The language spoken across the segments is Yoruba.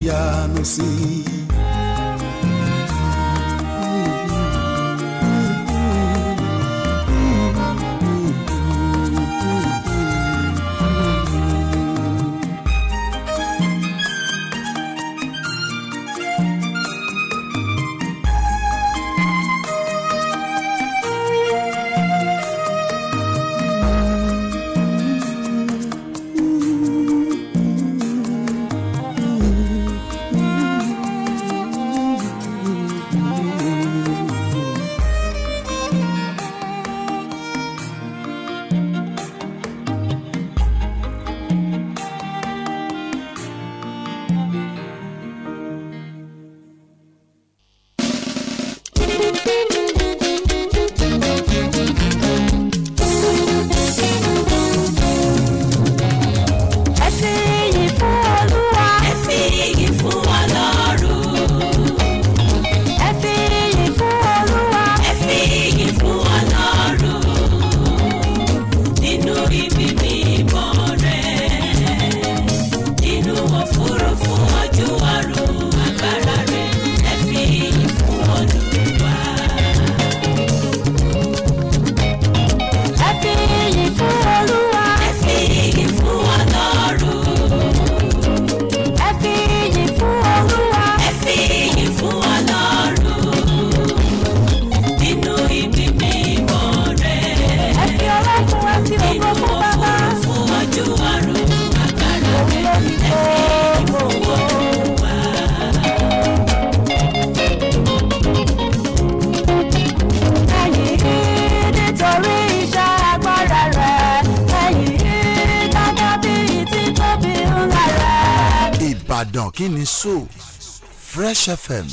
Ya no see. ìtànkíni so Fresh FM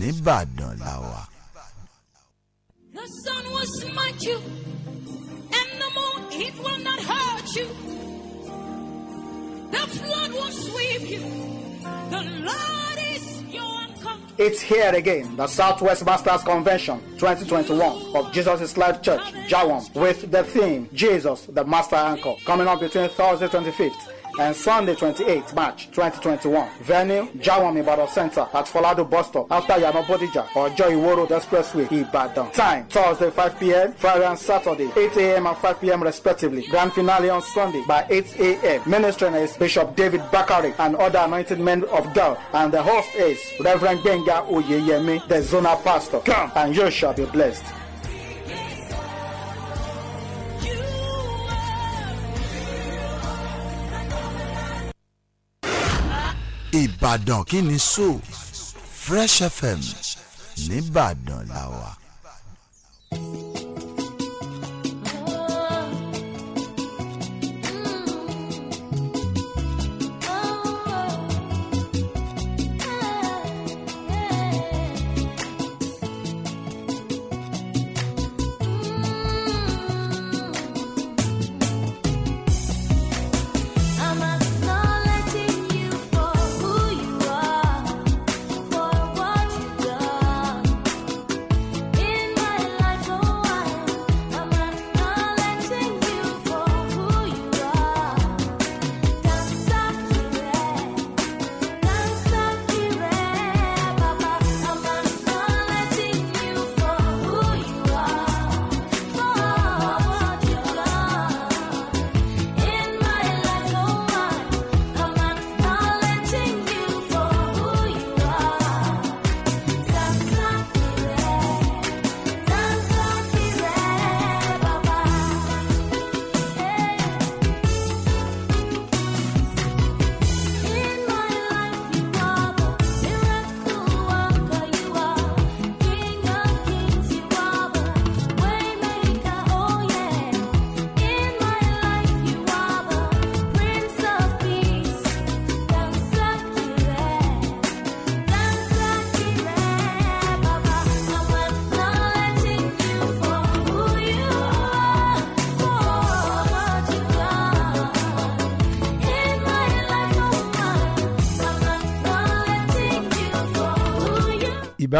nìbàdàn la wà. The sun will smite you, and the moon it will not hurt you. The flood will sweep you. The Lord is your It's here again, the Southwest Masters Convention 2021 of Jesus is Life Church, Jawan with the theme Jesus, the Master Anchor, coming up between Thursday 25th and Sunday 28 March 2021. Venue Jawami Ibadan Center at Folado Bus Stop after Yano Bodija or Joy Road Expressway Ibadan. Time Thursday 5 p.m. Friday and Saturday 8 a.m. and 5 p.m. respectively. Grand finale on Sunday by 8 a.m. Ministering is Bishop David Bakari and other anointed men of God and the host is Reverend Benga Oyeyemi, the Zona pastor. Come and you shall be blessed. Ìbàdàn kí ni so Fresh FM nìbàdàn làwà. thank you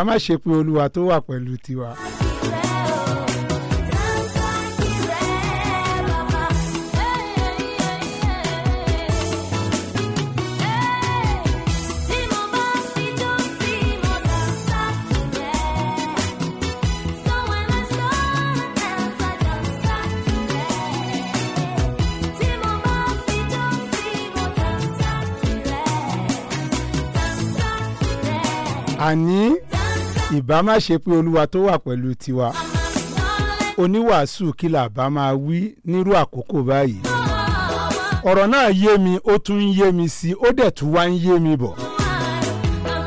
ká má ṣe pé olúwa tó wà pẹ̀lú tiwa. àní ìbá má ṣe pé olúwa tó wà pẹ̀lú tiwa oníwàásù kí la bá máa wí nírú àkókò báyìí ọ̀rọ̀ náà yé mi ó tún ń yé mi sí ó dẹ̀ tún wá ń yé mi bọ̀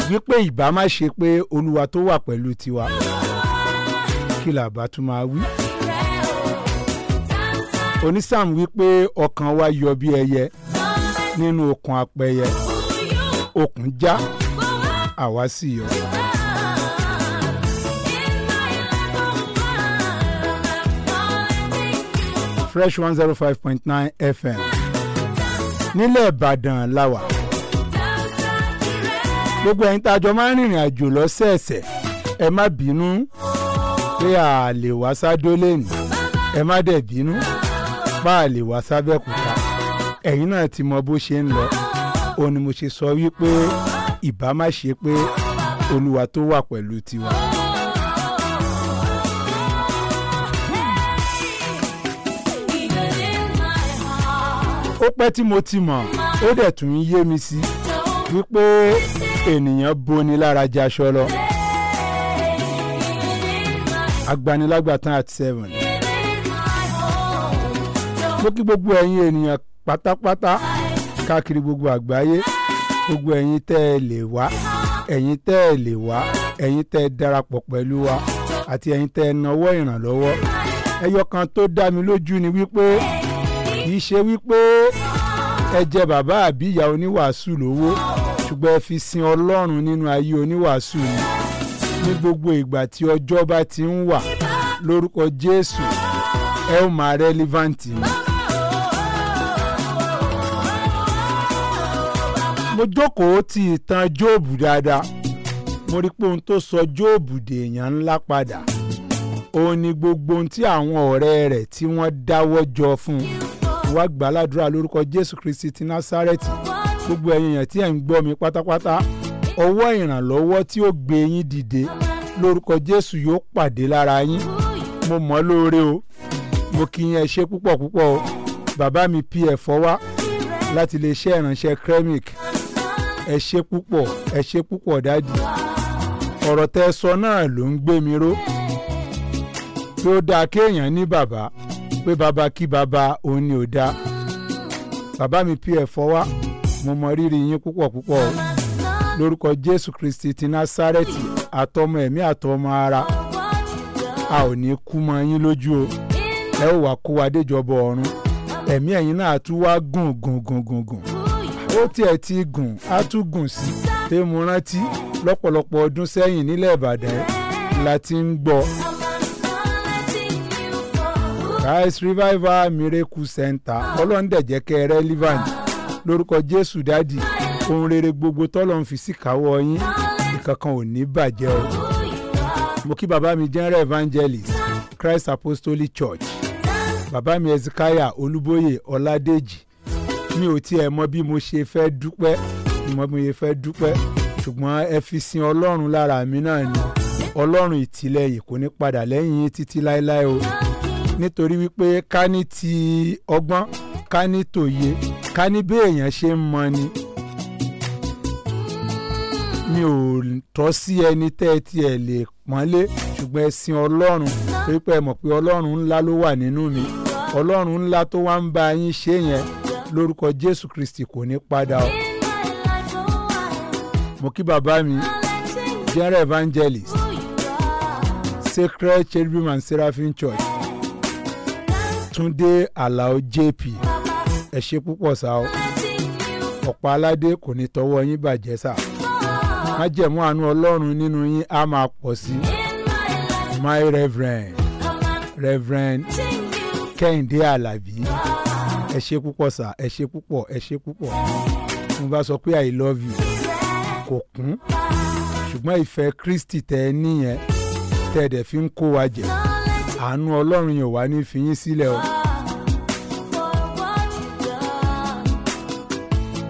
wípé ìbá má ṣe pé olúwa tó wà pẹ̀lú tiwa kí bá tún máa wí onísáàmù wípé ọkàn wa yọ bí ẹyẹ nínú okùn apẹyẹ okùn já àwa sì yọ. fresh one zero oh five point nine fm nílẹ̀ ìbàdàn la wà gbogbo ẹ̀yin tá a jọ máa ń rìnrìn àjò lọ́sẹ̀ẹ̀sẹ̀ ẹ má bínú pé a lè wá sádó lẹ́nu ẹ má dẹ̀ bínú bá a lè wá sábẹ́kúta ẹ̀yin náà ti mọ bó ṣe ń lọ òun ni mo ṣe sọ wípé ìbá má ṣe pé olúwa tó wà pẹ̀lú tiwa. ó pẹ́ tí mo ti mọ̀ ó dẹ̀ tún yé mi sí wípé ènìyàn boni lára jaṣọ lọ. agbanilágbàtàn at seven. mo kí gbogbo ẹ̀yin ènìyàn pátápátá káàkiri gbogbo àgbáyé gbogbo ẹ̀yin tẹ́ ẹ lè wá ẹ̀yin tẹ́ ẹ lè wá ẹ̀yin tẹ́ ẹ darapọ̀ pẹ̀lú wa àti ẹ̀yin tẹ́ ẹ nawọ́ ìrànlọ́wọ́ ẹyọ kan tó dá mi lójú ni wípé kì í ṣe wípé ẹ jẹ bàbá àbí oníwàásù lówó ṣùgbọ́n ẹ fi sin ọlọ́run nínú ayé oníwàásù ni ní gbogbo ìgbà tí ọjọ́ bá ti ń wà lórúkọ Jésù ẹ ó máa rẹ́líváǹtì ni. mo jókòó ti ìtàn jóòbù dáadáa mo rí pé ohun tó sọ jóòbù dèèyàn ńlá padà òun ni gbogbo ohun tí àwọn ọ̀rẹ́ rẹ̀ tí wọ́n dáwọ́ jọ fún un wá gbà ládùúrà lórúkọ jésù kristi ti násárẹ́tì gbogbo ẹ̀yin èèyàn tí ẹ̀ ń gbọ́ mi pátápátá ọwọ́ ìrànlọ́wọ́ tí ó gbé yín dìde lórúkọ jésù yóò pàdé lára yín mo mọ̀ lóore o mo kí yín ẹ ṣe púpọ̀ púpọ̀ o bàbá mi pf wá láti lè ṣe ìránṣẹ́ kremik ẹ ṣe púpọ̀ ẹ ṣe púpọ̀ dájú ọ̀rọ̀ tẹ́ sọ náà ló ń gbé mi ró pé dáa kéèyàn ní bàbá pé baba kí baba òun ni ò dáa bàbá mi pf fọwá mo mọ rírì yín púpọ̀ púpọ̀ lórúkọ jésù kristi ti násárẹ́tì àtọmọ ẹ̀mí àtọmọ ara a ò ní kú mọ yín lójú o ẹ ó wá kó wa déjọba ọ̀run ẹ̀mí ẹ̀yin náà tún wá gùn gùn gùn gùn gùn ó tiẹ̀ ti gùn á tún gùn sí i pé mo rántí lọ́pọ̀lọpọ̀ ọdún sẹ́yìn nílẹ̀ ìbàdàn la ti ń gbọ́ ọ. Christ Revival Miracle Center ọlọ́ndẹ̀jẹ̀ kẹrẹ relevant lórúkọ Jésù dádì ohun rere gbogbo tọ́lọ́ ń fi síkàwọ́ yín ìkankan ò ní bàjẹ́ o. mo kí bàbá mi general evangelist Christ Apostolic Church bàbá mi Ezekiah Olúbóyè Ọládèjì mi ò tiẹ̀ mọ bí mo ṣe fẹ́ dúpẹ́ mo bí mo ṣe fẹ́ dúpẹ́ ṣùgbọ́n ẹ fi sin ọlọ́run lára mi náà ni ọlọ́run ìtìlẹ́yìn kò ní padà lẹ́yìn títí láéláé o nítorí wípé ká ní ti ọgbọ́n ká ní tòye ká ní bí èèyàn ṣe ń mọ ni mi ò tọ́ sí ẹni tẹ́ ẹ tiẹ̀ lè pọ́nlé ṣùgbọ́n ẹ ọlọ́run torí mọ̀ pé ọlọ́run ńlá ló wà nínú mi ọlọ́run ńlá tó wá ń bá yín ṣe yẹn lórúkọ jésù kristi kò ní padà o. mo kí bàbá mi general evangelist sacred cherubim and seraphim church Túndé Àlàó JP ẹ ṣe púpọ̀ sá o ọ̀pọ̀ aládé kò ní tọwọ́ yín bàjẹ́ sá májẹ̀mú àánú Ọlọ́run nínú yín á máa pọ̀ sí my reverend reverend Kẹ́hìndé Àlàbí ẹ ṣe púpọ̀ sá ẹ ṣe púpọ̀ ẹ ṣe púpọ̀ mo bá sọ pé I love you kò kún ṣùgbọ́n ìfẹ́ Kristi tẹ ẹ níyẹn tẹ ẹ dẹ̀ fi ń kó wa jẹ. àánú ọlọ́run yóò wá ní fi yín sílẹ̀ o.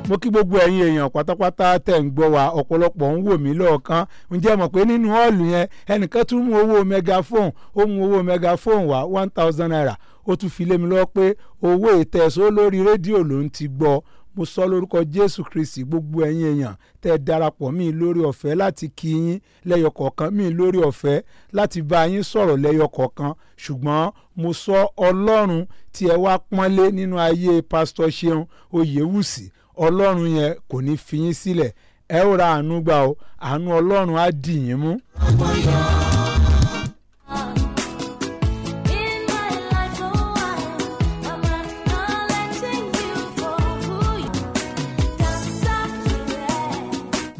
mo kí gbogbo ẹ̀yin èèyàn pátápátá tẹ̀ ń gbọ́ wa ọ̀pọ̀lọpọ̀ ń wò mí lọ́ọ̀kan ǹjẹ́ mọ̀ pé nínú hall yẹn ẹnìkan tún mú owó megaphone ó mú owó megaphone wá one thousand naira ó tún fi lé mi lọ́wọ́ pé owó ìtẹ̀só lórí rédíò ló ń ti gbọ́ mo sọ lórúkọ jésù kristi gbogbo ẹ̀yin èèyàn tẹ́ ẹ darapọ̀ mí lórí ọ̀fẹ́ láti kí yín lẹ́yọ kọ̀ọ̀kan mí lórí ọ̀fẹ́ láti bá yín sọ̀rọ̀ lẹ́yọ kọ̀ọ̀kan ṣùgbọ́n mo sọ ọlọ́run tí ẹ wá pọ́nlé nínú ayé pásítọ̀ ṣeun oyèwùsì ọlọ́run yẹn kò ní fi yín sílẹ̀ ẹ ó ra àánú gbà ó àánú ọlọ́run á dì yín mú. ọmọ yọ̀ọ́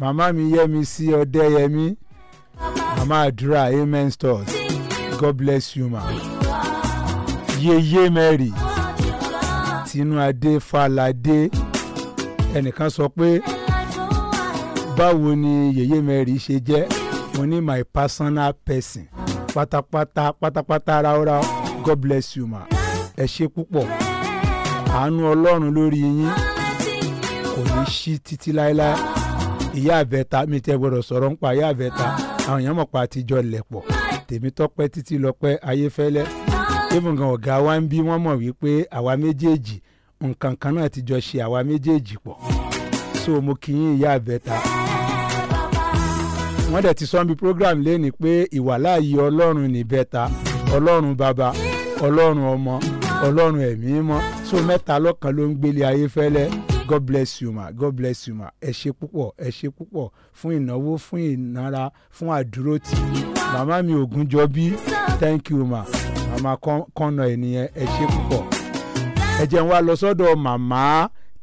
màmá mi yẹ́mi sí ọ̀dẹ́yẹmí màmá àdúrà amen stores god bless you ma yeye mary tinú adé falade ẹnìkan sọ pé báwo ni yeye mary ṣe jẹ́ mo ní my personal person pátápátá pátápátá ráúráú god bless you ma ẹ ṣe púpọ̀ àánú ọlọ́run lórí yín kò ní ṣí títí láéláé ìyá àbẹ́ta mi tẹ́ gbọ́dọ̀ sọ̀rọ̀ ń pa ìyá àbẹ́ta àwọn èèyàn mọ̀ pa àtijọ́ lẹ̀pọ̀ tèmítọ́pẹ́ títí lọ́pẹ́ ayéfẹ́lẹ́ even ọ̀gá wa ń bí wọ́n mọ̀ wípé àwa méjèèjì nǹkan kan náà ti jọ ṣe àwa méjèèjì pọ̀ so mo kì í ìyá àbẹ́ta. wọ́n dẹ̀ ti sọ́nbi program lẹ́ni pé ìwàláàyè ọlọ́run ní bẹ́ta ọlọ́run bàbá ọlọ́run ọmọ ọlọ́run ẹ̀mí mọ́ so mẹ́ta lọ́kan ló ń gbélé ayéfẹ́lẹ́ God bless you ma God bless you ma ẹ ṣe púpọ̀ ẹ ṣe púpọ̀ fún ìnáwó fún ìnára fún àdúrótì màmá mi Ògúnjọbí thank you ma màmá kọ́nà ènìyàn ẹ ṣe púpọ̀ ẹ jẹ́ n wá lọ sọ́dọ̀ màmá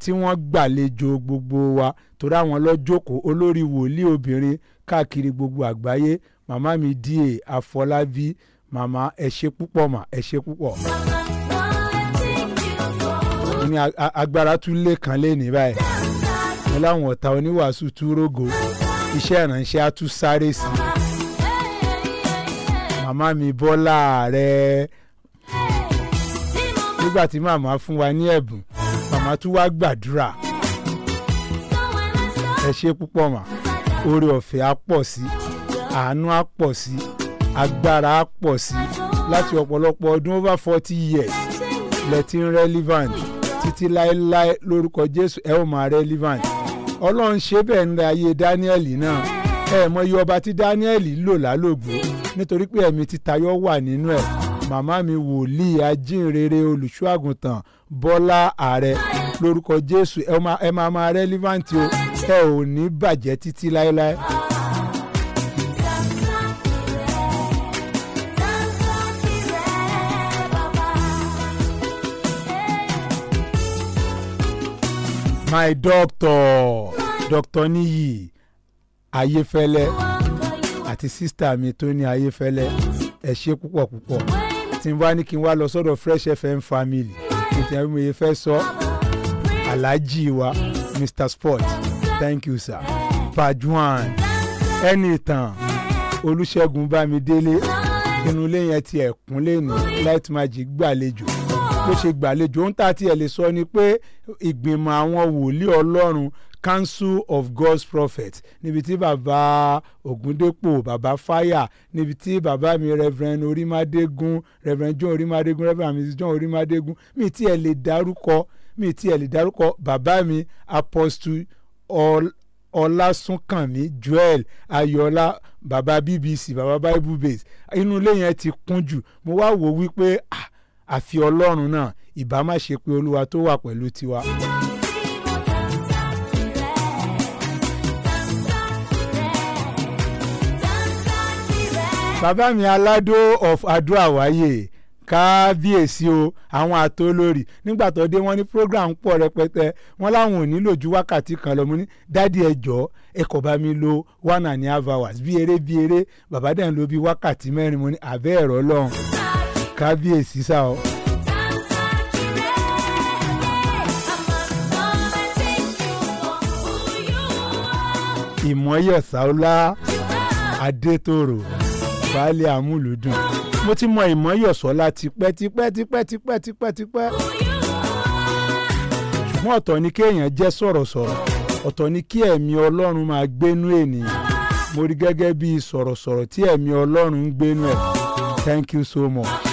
tí wọ́n gbàlejò gbogbo wa torí àwọn lọ́jọ́kọ̀ olórí wòlíì obìnrin káàkiri gbogbo àgbáyé màmá mi díè Àfọlábí màmá ẹ ṣe púpọ̀ ma. ẹ ṣe púpọ̀ ó ní agbára tún lè kàn lé ní báyìí wọn láwọn ọ̀tá oníwàásù tún rògo iṣẹ́ ìrànṣẹ́ á tún sáré sí i màmá mi Bọ́lá rẹ̀ nígbà tí màmá fún wa ní ẹ̀bùn màmá tún wá gbàdúrà ẹ ṣe púpọ̀ mà oore ọ̀fẹ́ á pọ̀ sí àánú á pọ̀ sí agbára á pọ̀ sí láti ọ̀pọ̀lọpọ̀ ọdún over forty years lẹ́tí relevant títí láéláé lórúkọ jésù ẹ ó máa relevant ọlọ́run ṣe bẹ́ẹ̀ ní ayé daniel náà ẹ mọ iye ọba tí daniel lò lálògbò nítorí pé ẹ̀mí títayọ wà nínú ẹ̀ màmá mi wòlíì ajínrere olùṣọ́àgùntàn bọ́lá ààrẹ lórúkọ jésù ẹ máa máa relevant o ẹ ò ní bàjẹ́ títí láéláé. my doctor doctor Níyì Ayéfẹ́lẹ́ àti sísítà mi tó ní Ayéfẹ́lẹ́ ẹ ṣe púpọ̀ púpọ̀ tí n bá ní kí n wá lọ sọ́dọ̀ Fresh FM family ètò ẹ̀mí mi fẹ́ sọ aláàjì wa Mr Sport thank you sir pajuan ẹni ìtàn Olúṣẹ́gun Bámidélé inú ilé yẹn ti ẹ̀kún light magic gbàlejò ló ṣe gbàlejò ohun tá a tiẹ̀ lè sọ ni pé ìgbìmọ̀ àwọn wòlíì ọlọ́run council of god's prophet níbi tí bàbá ògúndépò bàbá fáyà níbi tí bàbá mi reverend orímádégún reverend john orímádégún reverend mrs john orímádégún mi tí ẹ lè dárúkọ mi tí ẹ lè dárúkọ bàbá mi apostle ọlásùnkànmí joel ayọ̀ọ́lá bàbá bbc bàbá bible base inú ilé yẹn ti kún jù mo wá wò wípé ah àfi ọlọ́run náà ìbá má ṣe pé olúwa tó wà pẹ̀lú tiwa. bàbá mi aládó of adua wáyé kábíyèsí o àwọn àtolórí nígbà tó dé wọ́n ní program pọ̀ rẹpẹtẹ wọ́n láwọn ò nílò ju wákàtí kan lọ mo ní dádì ẹjọ́ ẹ kò bá mi lo one and a half hours bí eré bí eré bàbá dẹ̀ ń lo bí wákàtí mẹ́rin mo ní àbẹ́ ẹ̀rọ lọ́hùn kábíyèsí sá o. ìmọ̀yọ̀ sáúlá adétòrò baálé amúlùdùn mo ti mọ ìmọ̀yọ̀ sọ́lá tipẹ́ tipẹ́ tipẹ́ tipẹ́ tipẹ́ tipẹ́ ṣùgbọ́n ọ̀tọ̀ ni kéèyàn jẹ́ sọ̀rọ̀sọ̀rọ̀ ọ̀tọ̀ ni kí ẹ̀mí ọlọ́run máa gbénú ènìyàn mo rí gẹ́gẹ́ bí sọ̀rọ̀sọ̀rọ̀ tí ẹ̀mí ọlọ́run ń gbénú ẹ̀ thank you so much.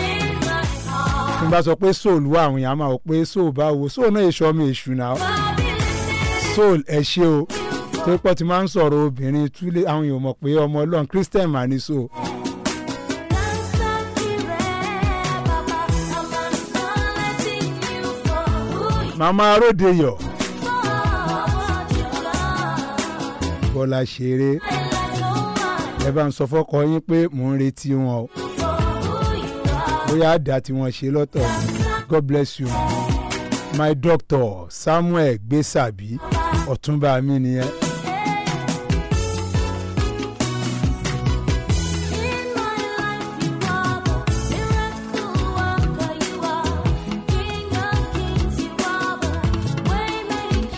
tí bá sọ pé soul wà àwọn èèyàn máa wò pé soul bá wo soul náà èso ọmọ èṣù náà soul ẹ ṣe o tó pọ̀ ti máa ń sọ̀rọ̀ obìnrin túlé àwọn èèyàn mọ̀ pé ọmọ ọlọ́run christian mà ní soul. màmá aróde yọ bọ́lá ṣeré ẹ bá ń sọ fọ́kọ yín pé mò ń retí wọn o bóyá àdá tí wọ́n ṣe lọ́tọ̀ God bless you my doctor Samuel Gbèsàbí ọ̀túnba mi nìyẹn.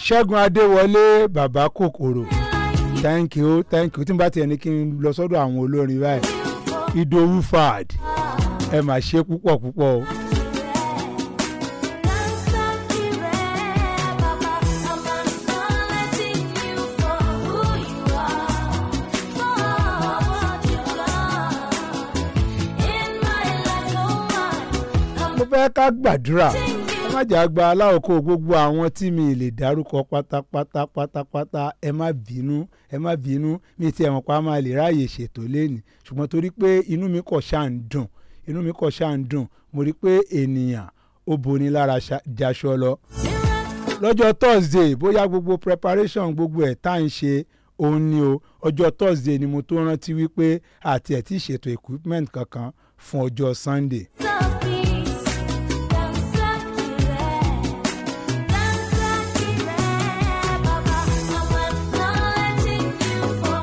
ṣẹ́gun adéwọlé bàbá kòkòrò thank you thank you tí n bá tiẹ̀ ní kí n lọ sọ́dọ̀ àwọn olórin báyìí ìdòwú fad ẹ mà ṣe púpọ̀ púpọ̀ o. mo fẹ́ ká gbàdúrà ẹ má jà gba aláwòkọ́ gbogbo àwọn tí mi lè dárúkọ pátápátá pátápátá ẹ má bínú ẹ má bínú mi ti ẹ̀wọ̀n pa máa lè ráàyè ṣètò lẹ́nu ṣùgbọ́n torí pé inú mi kò ṣáà ń dùn inú mi kọ̀ ṣáà ń dùn mo rí i pé ènìyàn ó boni lára jaṣọ lọ. lọ́jọ́ thursday bóyá gbogbo preparation gbogbo ẹ̀ tá à ń ṣe òun ni o ọjọ́ thursday ni mo tó rántí wípé àti ẹ̀ tí ṣètò equipment kankan fún ọjọ́ sunday.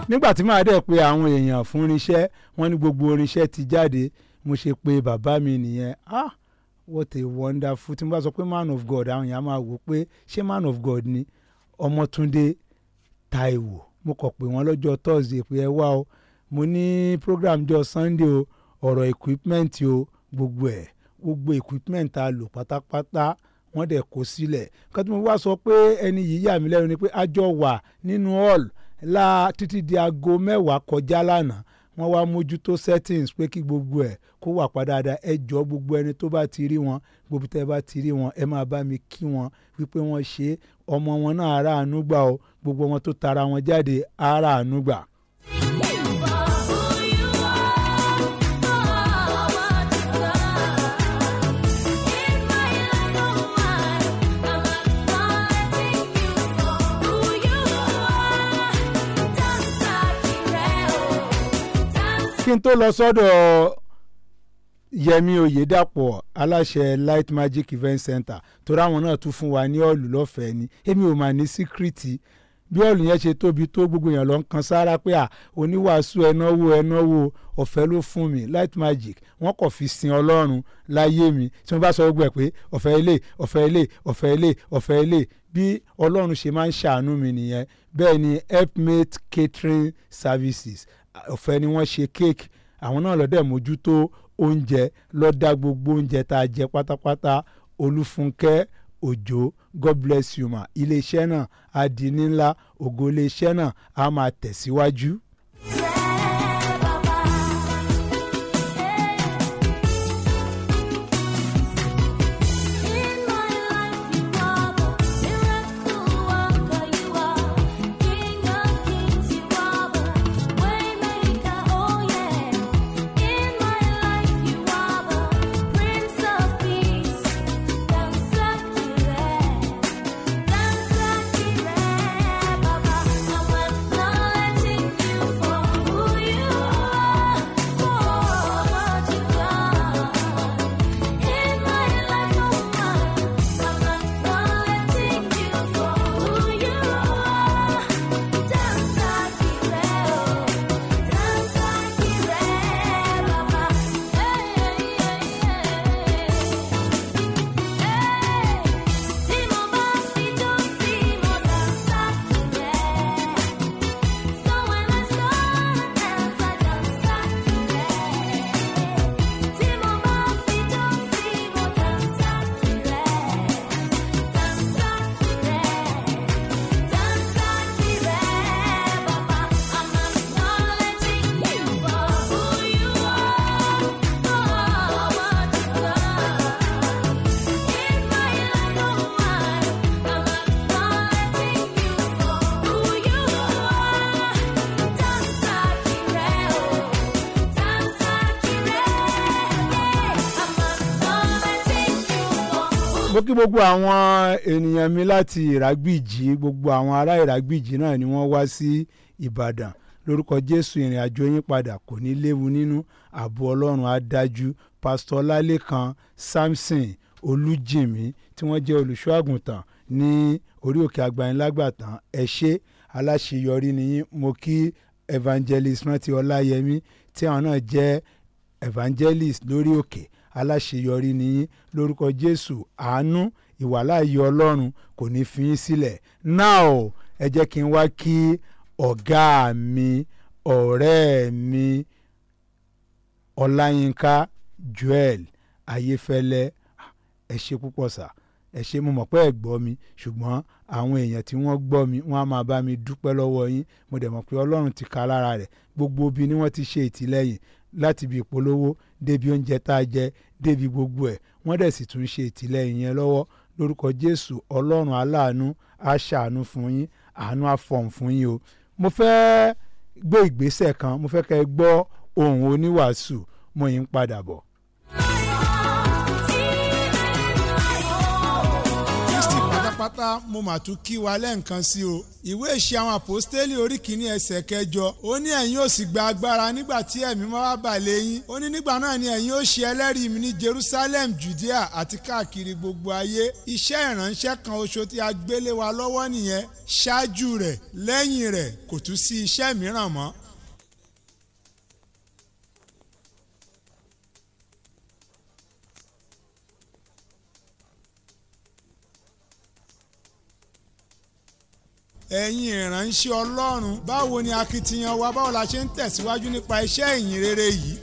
nígbà tí màá dẹ̀ pé àwọn èèyàn fún irinṣẹ́ wọ́n ní gbogbo irinṣẹ́ ti jáde mo ṣe pé bàbá mi nìyẹn ah what a wonderful tí mo bá sọ pé man of God àwọn èèyàn máa wò pé ṣé man of God ni Ọmọtúndé Táíwò mo kàn pé wọ́n lọ́jọ́ Thursday pé ẹ wá o mo ní program jọ Sunday o ọ̀rọ̀ equipment o gbogbo ẹ̀ gbogbo equipment tá a lò pátápátá wọ́n dẹ̀ kó sílẹ̀ nǹkan tí mo wá sọ pé ẹni yìí yà mí lẹ́nu ni pé a jọ wà nínú hall la títí di aago mẹ́wàá kọjá lánàá wọ́n wá mójútó settings pé kí gbogbo ẹ̀ kó wà padà dáadáa ẹ jọ gbogbo ẹni tó bá ti rí wọn gbogbo tẹ́ bá ti rí wọn ẹ máa bá mi kí wọn wípé wọ́n ṣe ọmọ wọn náà aráàánú gbà o gbogbo wọn tó tara wọn jáde aráàánú gbà. kí n tó lọ sọ́dọ̀ Yẹmi Oyèdàpọ̀ aláṣẹ Light Magic Event Center torí àwọn náà tún fún wa ní ọ̀lù lọ́fẹ̀ẹ́ ni èmi ò mà ní síkírìtì bí ọ̀lù yẹn ṣe tóbi tó gbogbo èèyàn lọ ń kan sára pé à oníwàásù ẹnáwó ẹnáwó ọ̀fẹ́ ló fún mi Light Magic wọ́n kò fi sin Ọlọ́run láyé mi tí wọ́n bá sọ gbogbo ẹ̀ pé ọ̀fẹ́ ilé ọ̀fẹ́ ilé ọ̀fẹ́ ilé ọ̀fẹ́ ilé bí Ọlọ́run ṣe máa ń ṣàánú mi nìyẹn bẹ́ẹ̀ ni helpmate catering services ọ̀fẹ́ ni wọ́n ṣe kéèkì àwọn náà lọ́dẹ̀ mójútó oúnjẹ lọ́dà gbogbo oúnjẹ tá a jẹ pátápátá olúfúnkẹ́ òjò god bless you ma iléeṣẹ́ náà á di ní ńlá ògo iléeṣẹ́ náà á máa tẹ̀síwájú. mo kí gbogbo àwọn ènìyàn mi láti ìràgbìjì gbogbo àwọn ará ìràgbìjì náà ni wọ́n wá sí ìbàdàn lórúkọ jésù ìrìn àjò yín padà kò ní léwu nínú ààbò ọlọ́run á dájú pásítọ̀ ọlálékan samson olújìmí tí wọ́n jẹ́ olùṣọ́ ní orí òkè àgbàyínlágbàtàn ẹ aláṣeyọrí ni yín mo kí evangelist rántí ọláyẹmí tí àwọn náà jẹ́ evangelist lórí òkè okay aláṣeyọrí ni yín lórúkọ Jésù àánú ìwàláàyè Ọlọ́run kò ní fi yín sílẹ̀ náà o ẹ jẹ́ kí n wá kí ọ̀gá mi ọ̀rẹ́ mi Ọláyínká Joel Ayéfẹ́lẹ́ ẹ ṣe púpọ̀ sá ẹ ṣe mo mọ̀ pé ẹ gbọ́ mi ṣùgbọ́n àwọn èèyàn tí wọ́n gbọ́ mi wọ́n á máa bá mi dúpẹ́ lọ́wọ́ yín mo dẹ̀ mọ̀ pé Ọlọ́run ti ka lára rẹ̀ gbogbo ibi ni wọ́n ti ṣe ìtìlẹ́yìn láti ibi ìpolówó débi oúnjẹ tá a jẹ débi gbogbo ẹ̀ wọ́n dẹ̀ sì tún ṣe ìtìlẹ́yìn yẹn lọ́wọ́ lórúkọ jésù ọlọ́run aláàánú á ṣàánú fún yín àánú á fọ̀n fún yín o mo fẹ́ gbé ìgbésẹ̀ kan mo fẹ́ kẹ́ gbọ́ ohùn oníwàásù mo yín padà bọ̀. pátá mo mà tún kí wa lẹ́ǹkan sí o ìwé ìṣe àwọn àpòstélì orí kìíní ẹsẹ̀ kẹjọ ó ní ẹ̀yin ó sì gba agbára nígbà tí ẹ̀mí máa wá bà yín ó ní nígbà náà ni ẹ̀yin ó ṣe ẹlẹ́rìí mi ní Jerusalem Judea àti káàkiri gbogbo ayé iṣẹ́ ìránṣẹ́ kan oṣù tí a gbélé wa lọ́wọ́ nìyẹn ṣáájú rẹ̀ lẹ́yìn rẹ̀ kò tún sí iṣẹ́ mìíràn mọ́ ẹ̀yin ìránṣẹ́ ọlọ́run báwo ni akitiyan wa báwo la ṣe ń tẹ̀síwájú nípa iṣẹ́ ìyìn rere yìí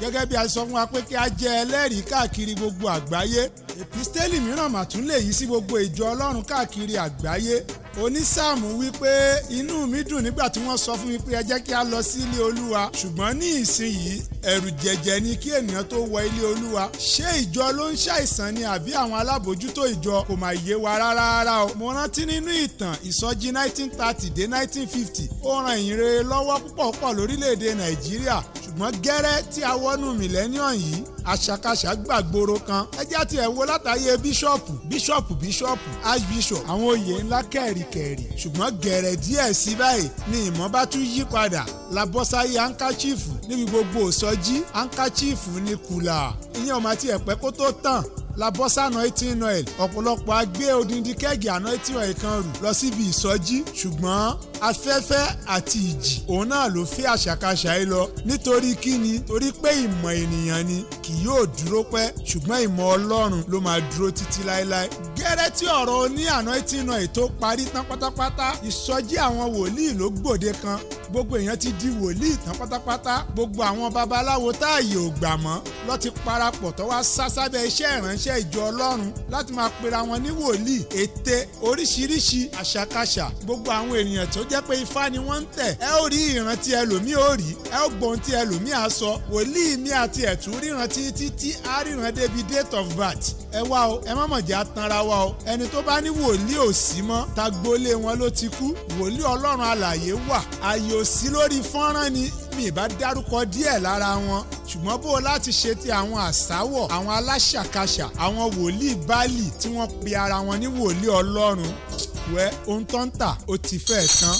gẹ́gẹ́ bí a sọ fún wa pé kí a jẹ́ ẹlẹ́rìí káàkiri gbogbo àgbáyé ìpísítélì mìíràn mà tún lè yí sí gbogbo ìjọ ọlọ́run káàkiri àgbáyé onísáàmù wípé inú mi dùn nígbà tí wọ́n sọ fún mi pé ẹ jẹ́ kí a lọ sí ilé olúwa ṣùgbọ́n ní ìsinyìí ẹ̀rù jẹ̀jẹ̀ ni kí ènìyàn tó wọ ilé olúwa ṣé ìjọ ló ń ṣàìsàn ni àbí àwọn alábòójútó ìjọ kò mà yé wa rárá rárá o mo rántí nínú ìtàn ìsọjí 1930 dé 1950 ó ran ìyìnrere lọ́wọ́ púpọ̀ púpọ̀ lórílẹ̀‐èdè nàìjíríà ṣùgbọ́n gẹ́rẹ́ tí a wọnú mílẹ́níọ̀n yìí àṣàkáṣà gbàgbóró kan ẹjẹ́ àti ẹ̀ wo látàyè bíṣọ̀pù bíṣọ̀pù bíṣọ̀pù archbishop àwọn oyè ńlá kẹ̀rìkẹ̀rì ṣùgbọ́n gẹ̀rẹ̀ díẹ̀ sí báyìí ni ìmọ̀ bá tún yí padà labọ́sáyé ankachifu níbi gbogbo òsọjí ankachifu ní kùlà ìyẹn ọmọ àti ẹ̀pẹ́ kó tó tàn la bọ́ sànà eighteen oil ọ̀pọ̀lọpọ̀ a gbé odindi kẹ́ẹ̀gì àná eighteen oil kan rù lọ síbi ìsọjí ṣùgbọ́n afẹ́fẹ́ àti ìjì òun náà ló fẹ́ àṣàkáṣà yìí lọ nítorí kíni torí pé ìmọ̀ ènìyàn ni kì yóò dúró pẹ́ ṣùgbọ́n ìmọ̀ ọlọ́run ló máa dúró títí láéláé gẹ́rẹ́ tí ọ̀rọ̀ oní àná eighteen oil tó parí tán pátápátá ìsọjí àwọn wòlíì ló gbòde kan gbogbo èèyàn ti di wòlíì tán pátápátá gbogbo àwọn babaláwo táàyè ò gbà ti parapọ̀ tó sásábẹ́ iṣẹ́ ìránṣẹ́ ìránṣẹ́ ìjọ ọlọ́run láti máa pera wọn ní wòlíì ète oríṣiríṣi àṣàkáṣà gbogbo àwọn ènìyàn tó jẹ́ pé ifá ni wọ́n ń tẹ̀ ẹ ó rí ìrántí ẹlòmíì ó rí ẹ ó gbọ́n tí ẹlòmíì á sọ wòlíì mi àti ẹ̀tún ríran títí tí á ríran débi date of birth ẹ wá o ẹ má mọ̀ jẹ́ atanra wa o ẹni tó bá ní wòlíì ò sí mọ́ tagbolé wọn ló ti kú wòlíì ọlọ́run alààyè wà àyè ò lórí fọ́nrán ni mi ì bá dárúkọ díẹ̀ lára wọn ṣùgbọ́n bó o láti ṣe ti àwọn àsáwọ̀ àwọn aláṣàkáṣà àwọn wòlíì báàlì tí wọ́n pe ara wọn ní wòlíì ọlọ́run wẹ́ ohun tó ń tà ó ti fẹ́ẹ̀ tán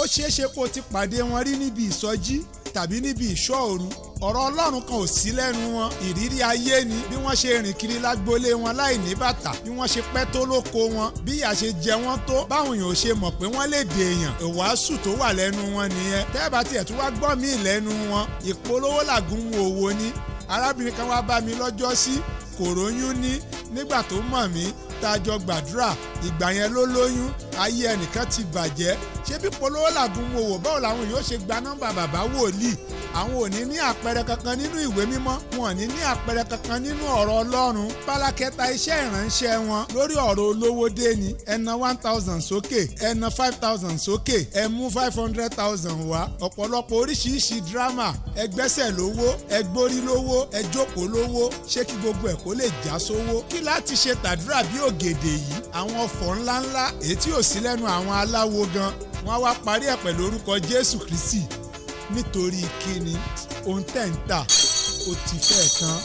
ó ṣeé ṣe kó o ti pàdé wọn rí níbi ìsọjí tàbí níbi ìṣọ́ òru ọ̀rọ̀ ọlọ́run kan ò sí lẹ́nu wọn ìrírí ayé ni bí wọ́n ṣe rìn kiri lágbolé wọn láì ní bàtà bí wọ́n ṣe pẹ́ tó lóko wọn bí ìyà ṣe jẹ wọ́n tó báwọn èèyàn ṣe mọ̀ pé wọ́n lè dè èèyàn ìwàásù tó wà lẹ́nu wọn nìyẹn tẹ́ẹ̀bà tiẹ̀ tún wá gbọ́ míì lẹ́nu wọn ìpolówó làgùn òwò ni arábìnrin kan wá bá mi lọ́jọ́ sí kò róyún ní nígbà tó mọ̀ mí tá a jọ gbàdúrà ìgbà yẹn ló lóyún ayé ẹnìkan ti bàjẹ́ ṣé bí polówó làgùn mo wò báwo làwọn yóò ṣe gba nọ́mbà bàbá wòlíì àwọn ò ní ní àpẹẹrẹ kankan nínú ìwé mímọ́ wọn ò ní ní àpẹẹrẹ kankan nínú ọ̀rọ̀ ọlọ́run pálákẹ́ta iṣẹ́ ìránṣẹ́ wọn lórí ọ̀rọ̀ olówó dé ni ẹna one thousand sókè ẹna five thousand sókè ẹ five hundred thousand wá ọ̀pọ̀lọpọ̀ oríṣiríṣi dírámà ẹgbẹ́sẹ̀ lówó ẹgbórí lówó ẹjókòó lówó ṣé kí gbogbo ó lè já sówó kí láti ṣe tàdúrà bí ògèdè yìí àwọn ọ̀fọ̀ ńláńlá èyí ò sí lẹ́nu àwọn aláwo gan wọ́n wá parí ẹ̀ pẹ̀lú orúkọ Jésù Kristi nítorí kíni ohun tẹ̀ ń tà ó ti fẹ́ tán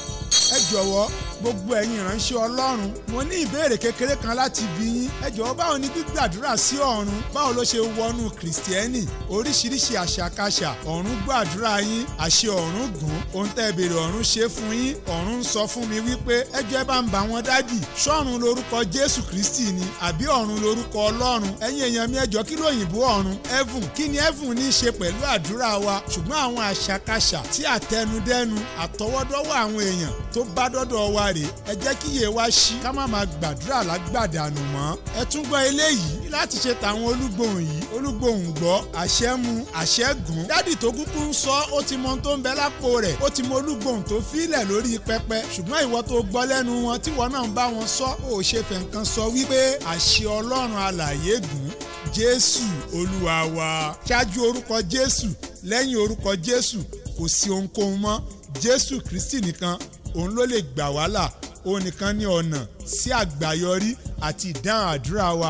ẹ jọ̀wọ́ gbogbo ẹ̀yin ìránṣẹ́ ọlọ́run mo ní ìbéèrè kékeré kan láti bi yín ẹ jọ̀wọ́ báwo ni gbígbàdúrà sí ọ̀run báwo ló ṣe wọnú kìrìsìtẹ́nì oríṣiríṣi àṣàkáṣà ọ̀run gbàdúrà yín àṣẹ ọ̀run gùn ohun tẹ́ béèrè ọ̀run ṣe fún yín ọ̀run ń sọ fún mi wípé ẹjọ́ ẹ bá ń bá wọn dádì ṣọ́run lórúkọ jésù kristi ni àbí ọ̀run lórúkọ ọlọ́run ẹ̀yin èèyàn mi ẹjọ́ kí lóyìnbó ọ̀run heaven kí ni heaven ní í ṣe pẹ̀lú àdúrà wa ṣùgbọ́n àwọn àṣàkáṣà tí àtẹnudẹ́nu àtọwọ́dọ́wọ́ àwọn èèyàn tó bá dọ́dọ̀ wa wa rèé ẹ jẹ́ kíyè wa ṣí ká má máa gbàdúrà lágbàdànù mọ́ ẹ tún gbọ́ eléyìí láti ṣe tàwọn olúgbòhùn yìí olúgbòhùn gbọ́ àṣẹ mu àṣẹ gùn dádì tó kúkú ń sọ ó ti mọ ohun tó ń bẹ lápò rẹ̀ ó ti mọ olúgbòhùn tó fílẹ̀ lórí pẹpẹ ṣùgbọ́n ìwọ tó gbọ́ lẹ́nu wọn tí wọn náà bá wọn sọ ó ṣe fẹ̀ǹkan sọ wípé àṣẹ ọlọ́run alàyè gùn jésù olúwa wa ṣáájú orúkọ jésù lẹ́yìn orúkọ jésù kò sí ohunkóhun mọ́ jésù kristi nìkan òun ló lè gbà wá là òun nìkan ní ọ̀nà sí àgbàyọrí àti ìdáhùn àdúrà wa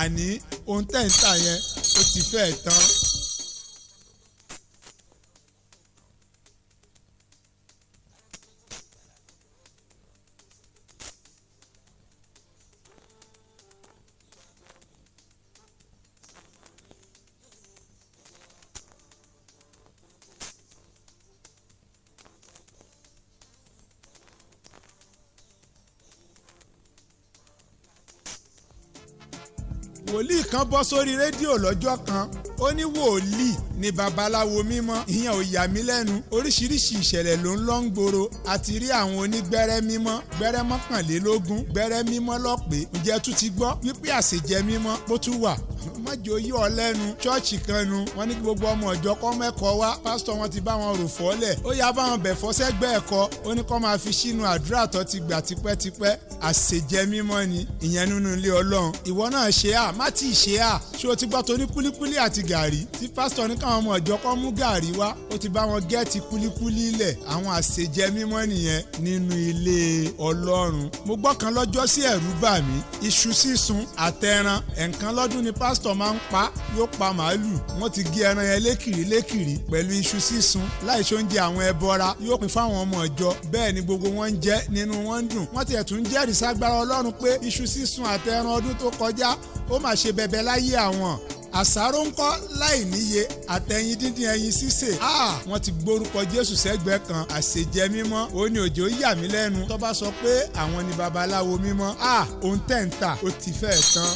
àní ohun tẹ̀ yẹn ó ti fẹ́ẹ̀ tán. wòlíì kan bọ́ sórí rédíò lọ́jọ́ kan ó ní wòlíì ni babaláwo mímọ́ ìyẹn ò yà mí lẹ́nu oríṣiríṣi ìṣẹ̀lẹ̀ ló ń lọ ń gbòòrò àti rí àwọn onígbẹ́rẹ́ mímọ́ gbẹ́rẹ́ mọ́kànlélógún gbẹ́rẹ́ mímọ́ lọ́pẹ́ ǹjẹ́ tún ti gbọ́ wípé àṣejẹ mímọ́ bó tún wà mọ́jọ yí ọ lẹ́nu ṣọ́ọ̀ṣì kan nu wọ́n ní kí gbogbo ọmọ ọ̀jọ́ kọ́ mẹ́kọ̀ọ́ wá pásítọ̀ wọn ti bá wọn rò fọ́lẹ̀ ó yá bá wọn bẹ̀fọ́ ẹ̀kọ́ ó ní kọ́ máa fi sínú àdúrà tó ti gbà tipẹ́tipẹ́ àṣejẹ mímọ́ ni ìyẹn nínú ilé ọlọ́run ìwọ náà ṣe à má ti ṣe à ṣé o ti gbọ́ torí kúlíkúlí àti gàrí tí pásítọ̀ ní káwọn ọmọ ìjọ kan mú gàrí wá ó ti bá wọn gẹ́ẹ̀tì kúlíkúlí lẹ̀ àwọn àṣejẹ mímọ́ nìyẹn nínú ilé ọlọ́run mo gbọ́ kan lọ́jọ́ sí ẹ̀rú bà mí iṣu sísun àtẹran ẹ̀ǹkan lọ́dún ni pásítọ̀ máa ń pa yóò pa màálù wọ́n ti gé ẹran yẹn lékìrí lékìrí pẹ̀lú iṣu sísun láìṣó ń jẹ àwọn ẹbọra yóò pín fáwọn ọmọ ìjọ bẹ́ẹ̀ ni gbogbo wọn ń jẹ nínú wọn ń dùn wọ́n ti ẹ̀ jẹ́rìí ságbára ọlọ́run pé iṣu sísun àtẹran ọdún tó kọjá ó mà ṣe bẹ̀bẹ̀ láyé àwọn àsáró ń kọ́ láì níye àtẹ̀yìn díndín ẹyin sísè wọ́n ti gbórúkọ jésù sẹ́gbẹ̀ẹ́ kan àṣejẹ mímọ́ ó ní òjò yà mí lẹ́nu tó bá sọ pé àwọn ni babaláwo mímọ́ ohun tẹ̀ ń tà ó ti fẹ́ẹ̀ tán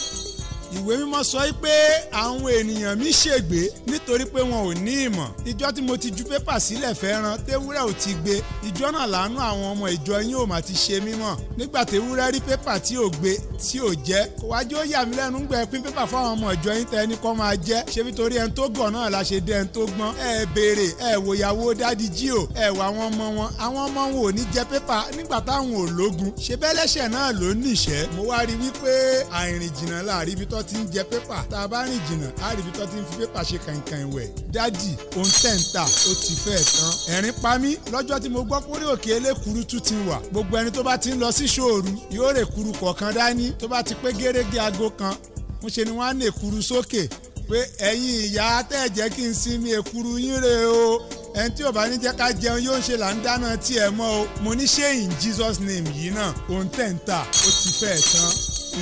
ìwé mímọ́ sọ pé àwọn ènìyàn mi ṣègbé nítorí pé wọn ò ní ìmọ̀ ìjọ tí mo ti ju pépà sílẹ̀ fẹ́ràn téwúrẹ́ ò ti gbé ìjọ náà láàánú àwọn ọmọ ìjọ yín ò mà ti ṣe mímọ́ nígbà téwúrẹ́ rí pépà tí ò gbé tí ò jẹ́ wájú ó yà mí lẹ́nu gbẹ pín pépà fáwọn ọmọ ìjọ yín tẹ ẹni kọ́ máa jẹ́ ṣé nítorí ẹni tó gọ̀ náà la ṣe dé ẹni tó gbọ́n ẹ béèrè ẹ wò ìyàwó dádì jí o ẹ wà àwọn ọmọ wọn àwọn ọmọ wọn ò ní jẹ pépà nígbà táwọn ò lógun ṣe bẹ́lẹ́ṣẹ̀ náà ló níṣẹ́ mo wá rí wípé àìrìn jìnnà láàrín ibi tó tó ti ń jẹ pépà tá a bá rìn jìnnà á rí ibi tó ti ń fi pépà ṣe kànkàn ìwẹ̀ dádì òun tẹ̀ ń tà ó ti fẹ́ tán. ẹ̀rín pa mí lọ́jọ́ tí mo gbọ́ pórí òkè elékuru tún ti wà gbogbo ẹni tó bá ti ń lọ sí ṣòru yóò rè kuru kọ̀ọ̀kan dání tó bá ti pé gérégé aago kan ń ṣe ni wọ́n á nè kuru sókè pé ẹ̀yin ìyá tẹ̀ jẹ́ kí n sinmi èkuru yín re o ẹni tí ò bá ní jẹ́ ká jẹun yóò ń ṣe là ń dáná tiẹ̀ mọ́ o mo ní ṣé in Jesus name yìí náà òun tẹ̀ ń tà ó ti fẹ́ tán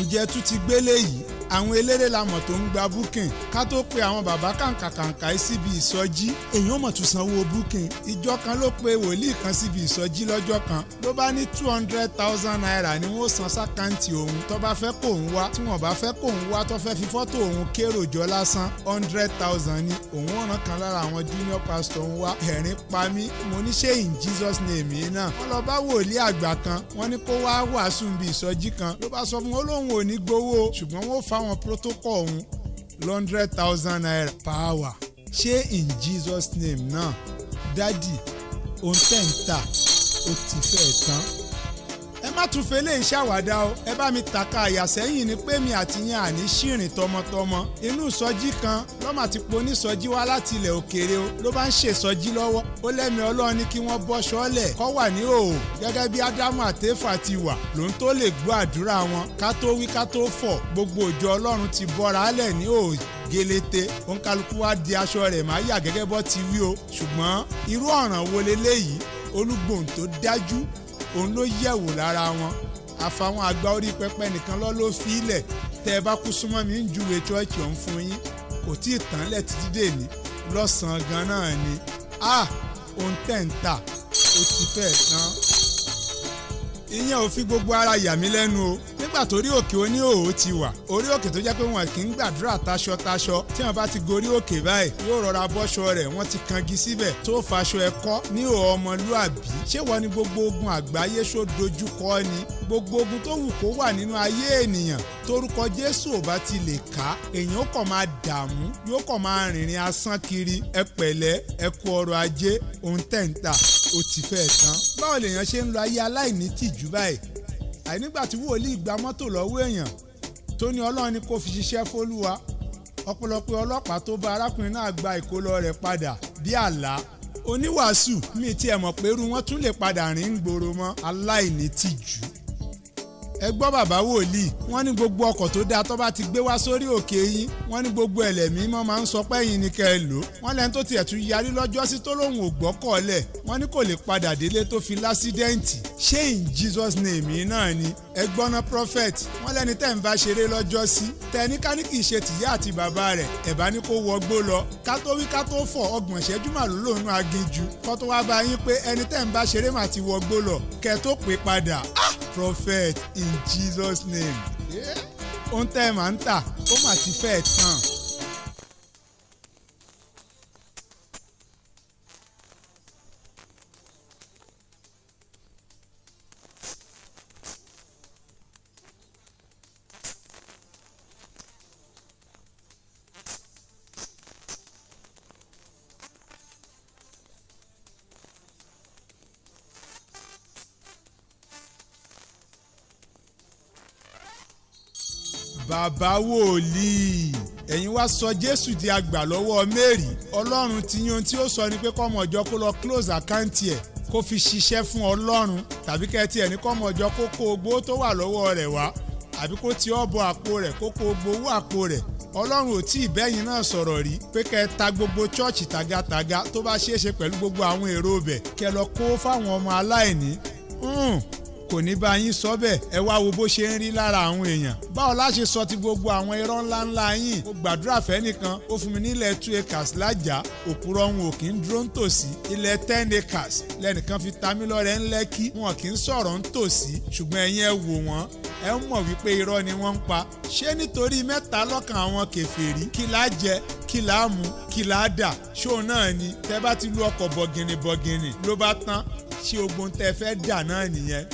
ǹjẹ́ tún ti gbélé yìí àwọn eléré la mọ̀ tó ń gba booking ká tó pe àwọn bàbá kàǹkàkàǹkà síbi ìsọjí èèyàn mọ̀ tún sanwó booking ìjọ kan ló pe wòlíì kan síbi ìsọjí lọ́jọ́ kan ló bá ní two hundred thousand naira ni wọ́n san sákàǹtì òun tó bá fẹ́ kó òun wá tí wọ́n bá fẹ́ kó òun wá tó fẹ́ fi fọ́tò òun kérò jọ lásán hundred thousand ni òun ọ̀ràn kan lára àwọn junior pastor ń wá ẹ̀rín pa mí mo ní ṣé in Jesus name yìí náà wọ́n lọ bá wòlíì àgbà kan wọ́n ní kó wá wàásù níbi ìsọjí kan ló bá sọ fún wọn lóun ò ní gbowó ṣùgbọ́n wọ́n fa fáwọn protocol ọ̀hún hundred thousand naira per hour ṣé in Jesus name náà dádì ohun tẹ̀ ń tà ó ti fẹ́ tán má tún fẹlẹ́ ìṣàwádà o ẹ bá mi tàka àyàsẹ́yìn ni pé mi àti yẹn àní ṣìrìn tọmọtọmọ inú ìsọjí kan lọ́mà ti po onísọjí wá láti ilẹ̀ òkèèrè o ló bá ń ṣèsọjí lọ́wọ́ ó lẹ́mi ọlọ́run ní kí wọ́n bọ́ sọ́ọ̀lẹ̀ kọ́ wà ní òò gẹ́gẹ́ bí ádámù àtẹ́fà ti wà lòun tó lè gbọ́ àdúrà wọn ká tó wí ká tó fọ̀ gbogbo òjò ọlọ́run ti bọ́ra álẹ̀ ní òò gelete ònkálukú wa di aṣọ rẹ̀ máa yà gẹ́gẹ́ bọ́ ti wí o ṣùgbọ́n irú ọ̀ràn wo leléyìí olúgbòhùn dájú òun ló yẹ̀wò lára wọn àfàwọn àgbà orí pẹpẹ nìkan lọ ló fi ilẹ̀ tẹ́ ẹ bá kú súnmọ́ mi ń juwe chọ́ọ̀chì ọ̀hún fún yín kò tí ì tán lẹ̀ títí dè lọ́sàn-án gan náà ni a ah! ohun tẹ̀ ń tà ó ti fẹ́ẹ̀ tán ìyẹn ò fi gbogbo ara yà mí lẹ́nu o nígbà tó rí òkè oní òòó ti wà orí òkè tó jẹ́ pé wọn kì í gbàdúrà taṣọ-taṣọ tí wọn bá ti gorí òkè báyìí yóò rọra bọ́ṣọ rẹ̀ wọ́n ti kangi síbẹ̀ tó faṣọ ẹ̀kọ́ ní òòmọlúàbí ṣé wọ́n ní gbogbo ogun àgbáyé ṣó dojú kọ ni gbogbo ogun tó wù kó wà nínú ayé ènìyàn torúkọ Jésù ò bá ti lè ká èèyàn ó kàn máa dààmú yóò kàn máa rìnrìn asán kiri ẹ pẹ̀lẹ́ ẹ kú ọrọ̀ ajé òun tẹ̀ ń tà ó ti fẹ́ tán. báwo lèèyàn ṣe ń lo ayé aláìní tìjú báyìí àìnígbà tí wòlíì gba mọ́tò lọ́wọ́ èèyàn tó ní Ọlọ́run ni kò fi ṣiṣẹ́ fólúwa ọ̀pọ̀lọpọ̀ ọlọ́pàá tó bá arákùnrin náà gba ìkólọ rẹ̀ padà bí àlá oníwàásù mi tiẹ̀ mọ̀ pé irú wọn tún lè padà rìn gbòòrò mọ́ aláìní tìjú ẹ gbọ́ bàbá wòlíì wọ́n ní gbogbo ọkọ̀ tó dáa tó bá ti gbé wá sórí òkè yín wọ́n ní gbogbo ẹlẹ́mí mọ́ máa ń sọ pé yín ni kẹ́ ẹ lò wọ́n lẹ́nu tó tiẹ̀ tún yarí lọ́jọ́ tó lóun ò gbọ́kọ̀ọ́lẹ̀ wọ́n ní kò lè padà délé tó fi lásídẹ́ǹtì ṣé in Jesus name náà ni ẹ gbọ́ná prophet wọ́n lẹ́ni tẹ́ ń bá ṣeré lọ́jọ́ sí tẹ ní ká ní kì í ṣe tìyá àti bàbá rẹ̀ ẹ̀ bá ní kó wọgbó lọ ká tó wí ká tó fọ̀ ọgbọ̀n ṣẹ́jú màlúù lòun aginjù kó tó wá bá yín pé ẹni tẹ́ ń bá ṣeré mà ti wọgbó lọ kẹ́ tó pè padà. Ah! prophet in Jesus name. ó ń tẹ́ ẹ̀ máa ń tà ó mà ti fẹ́ẹ̀ tán. bàbá wòlíì ẹ̀yin wá sọ jésù di àgbà lọ́wọ́ mary ọlọ́run ti yan tí ó sọ ni pé kọ́mọ ọjọ́ kó lọ close àkáǹtì ẹ̀ kó fi ṣiṣẹ́ fún ọlọ́run tàbí kẹ́tì ẹ̀ ní kọ́mọ ọjọ́ kó kó ogbó tó wà lọ́wọ́ rẹ̀ wá àbí kó ti ọ̀bọ àpò rẹ̀ kó kó ogbó owó àpò rẹ̀ ọlọ́run ò tí ì bẹ́yìn náà sọ̀rọ̀ rí pé kẹ́ ẹ ta gbogbo chọ́ọ̀chì tagataga tó bá ṣeé pẹ̀lú gbogbo àwọn èrò bẹ̀ kẹ́ lọ kó fáwọn ọmọ aláìní hmm kò ní bá yín sọ bẹ́ẹ̀ ẹ wá wo bó ṣe ń rí lára àwọn èèyàn báwo la ṣe sọ ti gbogbo àwọn irọ́ ńláńlá yín mo gbàdúrà fẹ́ nìkan ó fún mi nílẹ̀ two acres lájà òpùrọ̀ ohun ò kí ń dúró ń tòsí ilẹ̀ ten acres lẹ́nìkan fi ta mí lọ́rẹ̀ ń lẹ́kí wọn kì í sọ̀rọ̀ ń tòsí ṣùgbọ́n ẹ̀yin ẹ wò wọ́n ẹ ń mọ̀ wípé irọ́ ni wọ́n ń pa ṣé nítorí mẹ́ta lọ́kàn àwọn kèfèrí kí la jẹ kí la mu kí la dà ṣó náà ni tẹ bá ti lu ọkọ̀ bọ̀gìnìbọ̀gìnì ló bá tán ṣé ogun tẹ fẹ́ dà náà nìyẹn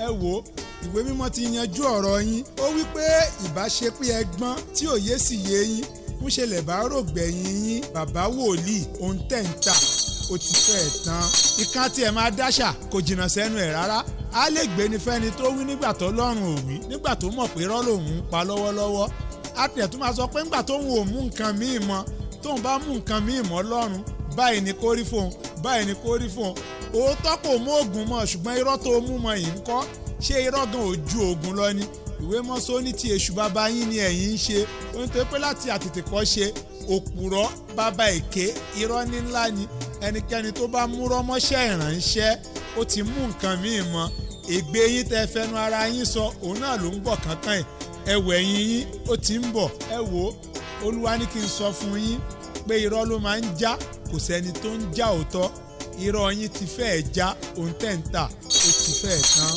ẹ wò ó ìwé mímọ́ ti yanjú ọ̀rọ̀ yín ó wí pé ìbáṣepé ẹgbọ́n tí òye sì yé yín ń ṣe lè bá rògbẹ̀yìn yín bàbá wòlíì ohun tẹ̀ ń tà ó ti fẹ́ tán ìkan tí ẹ máa dáṣà kò jìnnà sẹ́nu ẹ̀ rárá a lè gbé ní fẹ́ni tó wí nígbà tó lọ́rùn ò wí nígbà tó mọ̀ pé rọ́ lòun ń pa lọ́wọ́lọ́wọ́ a tẹ̀ tún máa sọ pé ńgbà tóun ò mú nǹkan míì mọ́ tóun bá mú nǹkan míì mọ́ lọ́rùn báyìí ni kò rí fóun báyìí ni kò rí fóun òótọ́ kò mú oògùn mọ́ ṣùgbọ́n irọ́ tó mú mọ́ yìí ń kọ́ ṣé irọ́ gan ò ju oògùn lọ ni ìwé mọ́sọ́ ní ti èṣù bàbá yín ni ẹ̀yin ń ṣe ó ń tẹ́ pé láti àtètè kọ́ ṣe òpùrọ́ bàbá èké irọ́ ní ńlá ni ẹnikẹ́ni tó bá mú rọ́mọ́ṣẹ́ ìrànṣẹ́ ó ti mú nǹkan míì mọ́ ègbé yín tẹ́ fẹnu ara yín sọ òun náà ló ń bọ̀ kankan ẹ̀ ẹ̀wẹ̀ yín yín ó ti ń bọ̀ ẹ olúwa ní kí n sọ fún yín pé irọ́ ló máa ń já kò sẹ́ni tó ń já òótọ́ irọ́ yín ti fẹ́ẹ̀ já òun tẹ̀ǹtà ó ti fẹ́ẹ̀ tán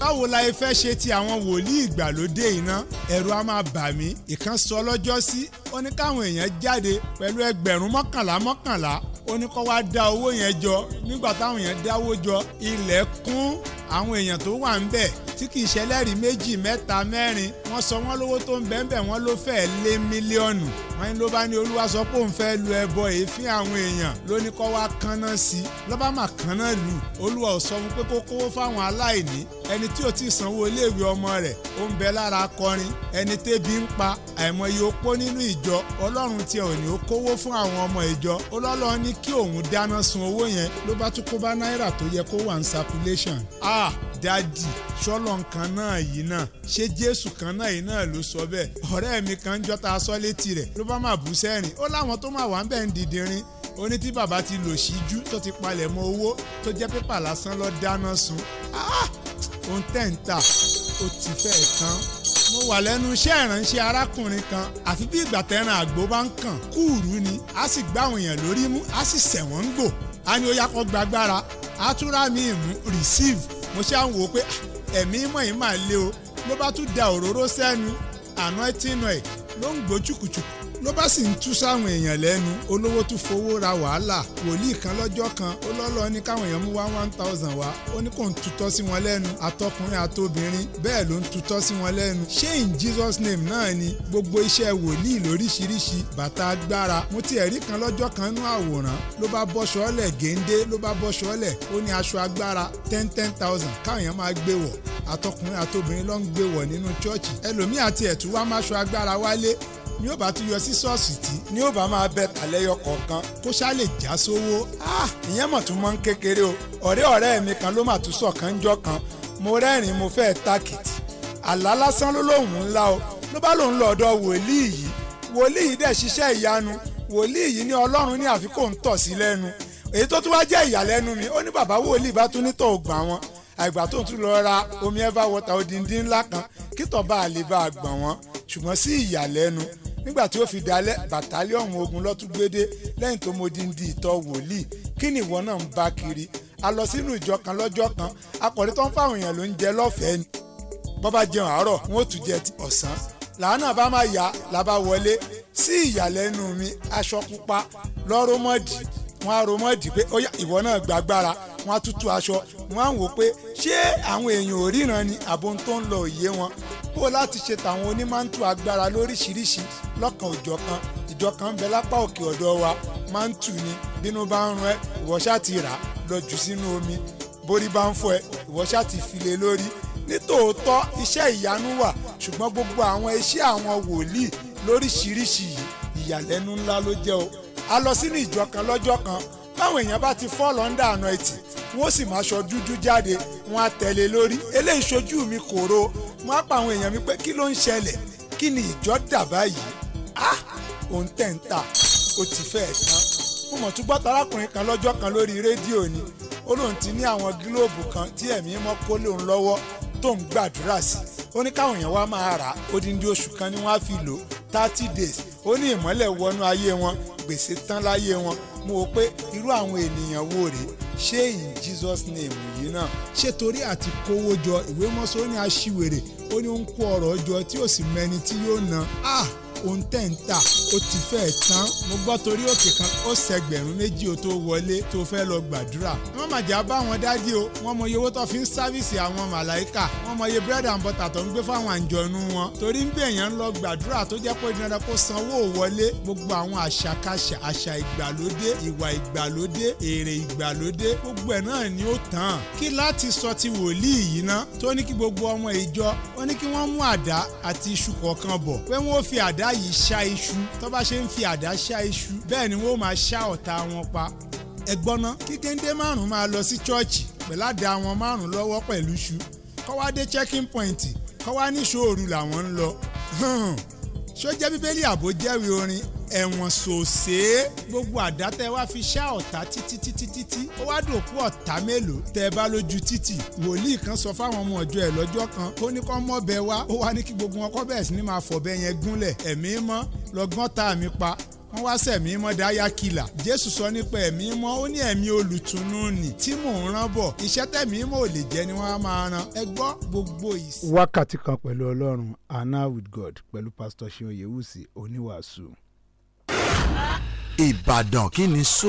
báwo la ẹ fẹ́ ṣe ti àwọn wòlíì ìgbàlódé iná ẹ̀rù a máa bà mí ìkan sọ lọ́jọ́ sí ó ní káwọn èèyàn jáde pẹ̀lú ẹgbẹ̀rún mọ́kànlá mọ́kànlá ó ní kó wá dá owó yẹn jọ nígbà táwọn èèyàn dáwó jọ ilẹ̀ kún àwọn èèyàn tó wà ń bẹ̀ tí kì í ṣẹlẹ́rìí méjì mẹ́ta mẹ́rin wọ́n sọ wọ́n lówó tó ń bẹ́ẹ̀nbẹ́ẹ̀ wọ́n ló fẹ́ẹ́ lé mílíọ̀nù wọ́n ló bá ní olúwa sọ pé òun fẹ́ lu ẹbọ èéfín àwọn èèyàn ló ní kọ́ wá kánná sí lọ́ba mà kánná lù olúwa ò sọ fún pé kó kówó fáwọn aláìní ẹni tí ò tí ì sanwó iléèwé ọmọ rẹ̀ ó ń bẹ lára akọrin ẹni tébi ń pa àìmọye opó nínú ìjọ ọlọ́run tiẹ̀ ò ní ó kówó fún àwọn ọmọ ìjọ ọlọ́lọ́ ní kí òun dáná sun owó yẹn ló bá tún kó bá náírà tó yẹ kó wà ń circulation ah dadi sọl sọ́lọ̀ kan náà yìí náà ṣé jésù kan náà yìí náà ló sọ bẹ́ẹ̀ ọ̀rẹ́ mi kan jọ́ta sọ létí rẹ̀ ló bá máa bú sẹ́rìn ó láwọn tó máa wà ń bẹ̀ ń dìdìrín ó ní tí bàbá ti lò síjú tó ti palẹ̀ mọ́ owó tó jẹ́ pépà lásán lọ dáná sun ohun tẹ̀ ń tà ó ti fẹ́ tán mo wà lẹ́nu iṣẹ́ ìránṣẹ́ arákùnrin kan àfi bí ìgbà tẹ́ran àgbo bá ń kàn kúùrú ni a sì gbá àwọn èèyàn lórí mú a sì sẹ̀wọ́n ń gbò a ní ó yakọ̀ gbagbára a tún rà mí receive mo ṣáà ń wò ó pé ah, ẹ̀mí mọ̀ yín máa lé o ló bá tún da òróró sẹ́nu anointing oil ló ń gbó chùkùchùkù ló bá sì ń tú sáwọn èèyàn lẹ́nu olówó tún fowó ra wàhálà wòlíì kan lọ́jọ́ kan ó lọ́lọ́ ní káwọn èèyàn mú wá one thousand wá ó ní kò ń tutọ́ sí wọn lẹ́nu àtọkùnrin àtobìnrin bẹ́ẹ̀ ló ń tutọ́ sí wọn lẹ́nu ṣé in Jesus name náà ni gbogbo iṣẹ́ wòlíì lóríṣiríṣi bàtà agbára mo ti ẹ̀rí kan lọ́jọ́ kan nú àwòrán ló bá bọ́ ṣọ́ọ̀lẹ̀ géńdé ló bá bọ́ ṣọ́ọ̀lẹ̀ ó ní aṣọ agbára ten ten thousand káwọn èèyàn máa gbé wọ̀ àtọkùnrin àtobìnrin ló ń gbé wọ̀ nínú chọ́ọ̀chì ẹlòmíà tiẹ̀ tún wá máṣọ agbára wálé ni ó bá tún yọ sí ṣọ́ọ̀ṣì tí ni ó bá máa bẹ tàlẹ́yọ kọ̀ọ̀kan kó ṣá lè já sówó ah, ìyẹn mọ̀ tún mọ́ ń kékeré o ọ̀rẹ́ ọ̀rẹ́ mi kan ló mà tún sọ̀kan jọ́ kan mo rẹ́rìn mo fẹ́ tàkìtì àlá lásán ló lóun ńlá o ló bá lòun lọ ọ̀dọ̀ wòlíì yìí wòlíì yìí dẹ̀ ṣiṣẹ́ ìyanu wòlíì yìí ní ọlọ́run ní àfi ń tọ̀ sí lẹ́nu èyí tó tún wá jẹ́ ìyàlẹ́nu mi ó ní bàbá wòlíì bá tún nítọ̀ ògbà wọn àìgbà tó tún lọ ra omi ẹ́fà wọ́tà odindi ńlá kan kítọ̀ bá a lè bá a gbọ̀n wọn ṣùgbọ́n sí ìyàlẹ́nu nígbà tí ó fi dálẹ̀ bàtálíọ̀nù ogun lọ́túgbédé lẹ́yìn tó mo di ń di ìtọ́ wòlíì kí ni ìwọ náà ń bá kiri a lọ sínú ìjọ kan lọ́jọ́ kan akọ̀rí tó ń fáwọn èèyàn ló ń jẹ lọ́fẹ̀ẹ́ ni bọ́bá jẹun àárọ̀ wọn ò tún jẹ ti ọ̀sán làánà bá máa yá la bá wọlé sí ìyàlẹ́nu mi aṣọ pupa lọ́rọ́mọ́dì wọn á rọmọ́dì pé ó yá ìwọ náà gbàgbára wọn á tútù aṣọ wọn á wò pé ṣé àwọn èèyàn ò ríran ni àbóńtó ń lọ òye wọn kó láti ṣe tàwọn onímọ̀ntò agbára lóríṣiríṣi lọ́kàn òjọ̀ kan ìjọ kan ń bẹ lápá òkè ọ̀dọ̀ wa máa ń tù ní bínú bá ń rún ẹ ìwọ ṣáà ti rà lọ jù sínú omi borí bá ń fọ ẹ ìwọ ṣáà ti file lórí nítòótọ́ iṣẹ́ ìyanu wà ṣùgbọ́n gbogbo àwọn iṣẹ́ àwọn wòlíì lóríṣiríṣi ìyàlẹ́nu ńlá ló jẹ́ o a lọ sínú ìjọ kan lọ́jọ́ kan báwọn èèyàn bá ti fọ́ lọ́ndà àna ẹ̀tì wọ́n sì máa ṣọ dúdú jáde wọ́n á tẹ̀lé lórí eléyìí ṣojú mi kò ro wọ́n á pa àwọn èèyàn mi pé kí ló ń ṣẹlẹ̀ kí ni ìjọ dà báyìí òun ah, tẹ̀ ń tà ó ti fẹ́ẹ̀ tán mo mọ̀ tún gbọ́ tarákùnrin kan lọ́jọ́ kan lórí rédíò ni ó lóun ti ní àwọn gílóòbù kan tí ẹ̀mí mọ́ kó lóun lọ́wọ́ tó ń gbàdúrà sí ó ní káwọn èèyàn wá máa rà odindi oṣù kan ni wọ́n á fi lò thirty days ó ní ìmọ́lẹ̀ wọnú ayé wọn gbèsè tán láyé wọn mo wò pé irú àwọn ènìyàn wo rèé ṣé in Jesus name yìí náà. ṣé torí àti kówó jọ ìwé mọ́sọ́ ó ní aṣiwèrè ó ní ó ń kó ọ̀rọ̀ jọ tí ó sì mẹni tí yóò ná. ah ohun tẹ̀ ń tà ó ti fẹ́ tán mo gbọ́ torí òkè kan ó ṣẹgbẹ̀rún méjì ó tó wọlé tó fẹ́ lọ gbàdúrà wọ́n mà já bá wọn dádì o wọ́n mọ iye owó tó fi ń sáfìsì àwọn màláìkà wọ́n mọ iye bírèdì and bọ́tà tó ń gbé fáwọn àǹjọ̀nú wọn torí ń bèèyàn lọ gbàdúrà tó jẹ́ pé dandan kó sanwó wọlé gbogbo àwọn àṣàkáṣà àṣà ìgbàlódé ìwà ìgbàlódé èrè ìgbàlódé gbogbo ẹ̀ náà ni ó tán kí láti sọ ti wòlíì yìí ná tó ní kí àdá yìí ṣá iṣu tó bá ṣe ń fi àdá ṣá iṣu bẹ́ẹ̀ ni wọ́n máa ṣá ọ̀tá wọn pa ẹ̀gbọ́ná kí márùn-ún máa lọ sí chọ́ọ̀chì pẹ̀lú àdá wọn márùn-ún lọ́wọ́ pẹ̀lú iṣu kọ́ wá dé checking point kọ́ wá ní ṣòru làwọn ń lọ ṣó jẹ́ bíbélì àbójẹ́wé orin ẹ̀wọ̀n sòsé gbogbo àdá tẹ wá fi ṣá ọ̀tá títí títí títí ó wá dòkú ọ̀tá mélòó tẹ bá lójú títì wòlíì kan sọ fáwọn ọmọ ọjọ́ ẹ̀ lọ́jọ́ kan ó ní kọ́ mọ́ bẹ wá ó wá ní kí gbogbo wọn kọ́ bẹ̀rẹ̀ sí ni máa fọ̀bẹ yẹn gúnlẹ̀ ẹ̀mí mọ́ lọ́gán tá mi pa wọ́n wá sẹ̀mí mọ́ dáyà kìlà jésù sọ nípa ẹ̀mí mọ́ ó ní ẹ̀mí olùtùnú ni tí mò ń rán bọ̀ iṣẹ́ tẹ̀mí mọ́ ò lè jẹ́ ni wọ́n á máa ran ẹ gbọ́ gbogbo ìsìn. wákàtí kan pẹ̀lú ọlọ́run anna with god pẹ̀lú pásítọ̀ ṣe oyèwùsì oníwàásù. Ìbàdàn kí ni so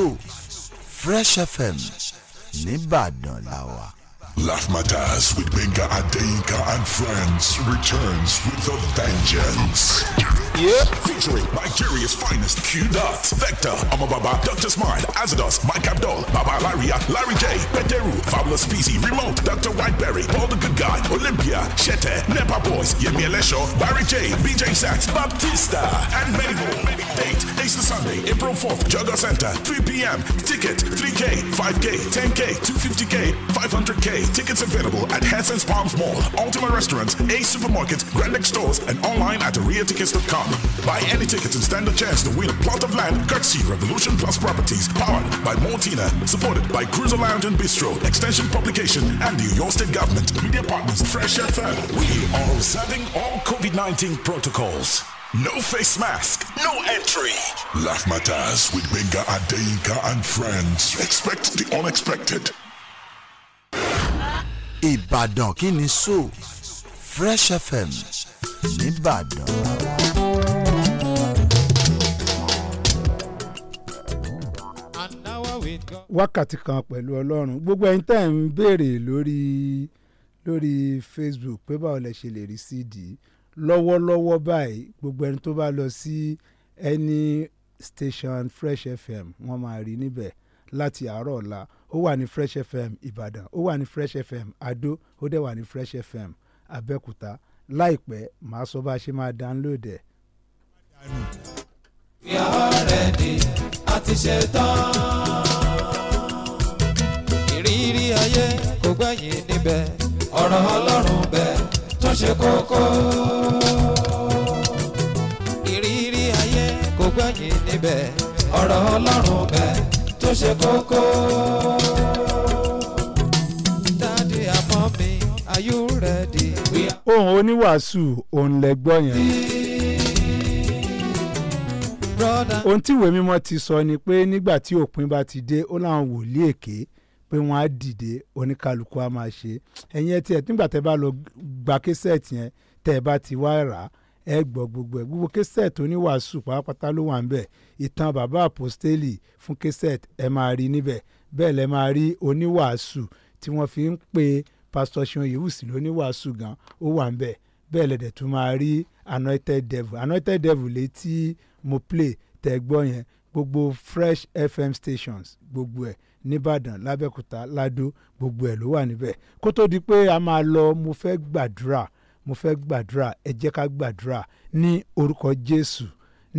Fresh FM nìbàdàn la wà. Laugh Matters with Benga Adeyinka and friends returns with a vengeance. Yeah. Featuring Nigeria's finest Q Dot, Vector, Amababa, Dr. Smart, Azados, Mike Abdol, Baba Laria, Larry J, Pederu, Fabulous PC, Remote, Dr. Whiteberry, All the Good Guy, Olympia, Shete, Nepa Boys, Yemi Elesho, Barry J, BJ Sachs, Baptista, and many more. Date, Easter Sunday, April 4th, Jugger Center, 3 p.m. Ticket, 3K, 5K, 10K, 250K, 500K. Tickets available at Henson's Palms Mall, Ultima Restaurants, Ace Supermarket, Grand X Stores, and online at Areatickets.com. Buy any tickets and stand a chance to win a plot of land courtesy Revolution Plus Properties, powered by Montina, supported by Cruiser Lounge and Bistro, Extension Publication, and the Oyo State Government, media partners, Fresh FM. We are observing all COVID 19 protocols. No face mask, no entry. Laugh matters with Benga Adeinka and friends. Expect the unexpected. Ìbàdàn kí so Fresh FM nìbàdàn. wákàtí kan pẹ̀lú ọlọ́run gbogbo ẹ̀yin tẹ́ ń béèrè lórí lórí Facebook pé báwo lẹ ṣe lè rí CD lọ́wọ́lọ́wọ́ báyìí gbogbo ẹni tó bá lọ sí any station Fresh FM wọ́n máa rí níbẹ̀ láti àárọ̀ ọ̀la ó wà ní Fresh FM Ìbàdàn ó wà ní Fresh FM Adó ó dẹ̀ wà ní Fresh FM Abẹ́òkúta láìpẹ́ màá sọ bá a ṣe máa download ẹ̀. We are already, a ti ṣe tán ìrírí ayé kò gbẹ̀yìn níbẹ̀ ọ̀rọ̀ ọlọ́run bẹ̀ tó ṣe kókó. ìrírí ayé kò gbẹ̀yìn níbẹ̀ ọ̀rọ̀ ọlọ́run bẹ̀ tó ṣe kókó. dádì àmọ́ mi are you ready. ohun oníwàásù òun lẹ gbọ́ yẹn ohun tí mímọ́ ti sọ ni pé nígbà tí òpin bá ti dé ó láwọn wòlíì èké pé wọ́n á dìde oníkálukú á máa ṣe ẹ̀yin ẹ tiẹ̀ nígbà tẹ́ bá lọ gba késẹ́ẹ̀tì yẹn tẹ́ ẹ bá ti wá rà á ẹ gbọ́ gbogbo ẹ̀ gbogbo késẹ́ẹ̀tì tó ní wàásù pátápátá ló wà ń bẹ̀ ìtàn bàbá àpòstélì fún késẹ́ẹ̀tì ẹ máa rí níbẹ̀ bẹ́ẹ̀ lẹ máa rí oníwàásù tí wọ́n fi ń pe pásítọ̀ ṣeun yìíwùsì lóníwàásù gan ó wà ń bẹ̀ bẹ́ẹ̀ lẹ̀dẹ̀ tún máa rí anointed devil anointed devil létí mo play tẹ́ gbọ́ yẹn gbogbo fresh fm stations gbogbo ẹ̀ nìbàdàn lábẹ́kúta ládó gbogbo ẹ̀ ló wà níbẹ̀ kó tó di pé a máa lọ mo fẹ́ gbàdúrà mo fẹ́ gbàdúrà ẹ jẹ́ ká gbàdúrà ní orúkọ jésù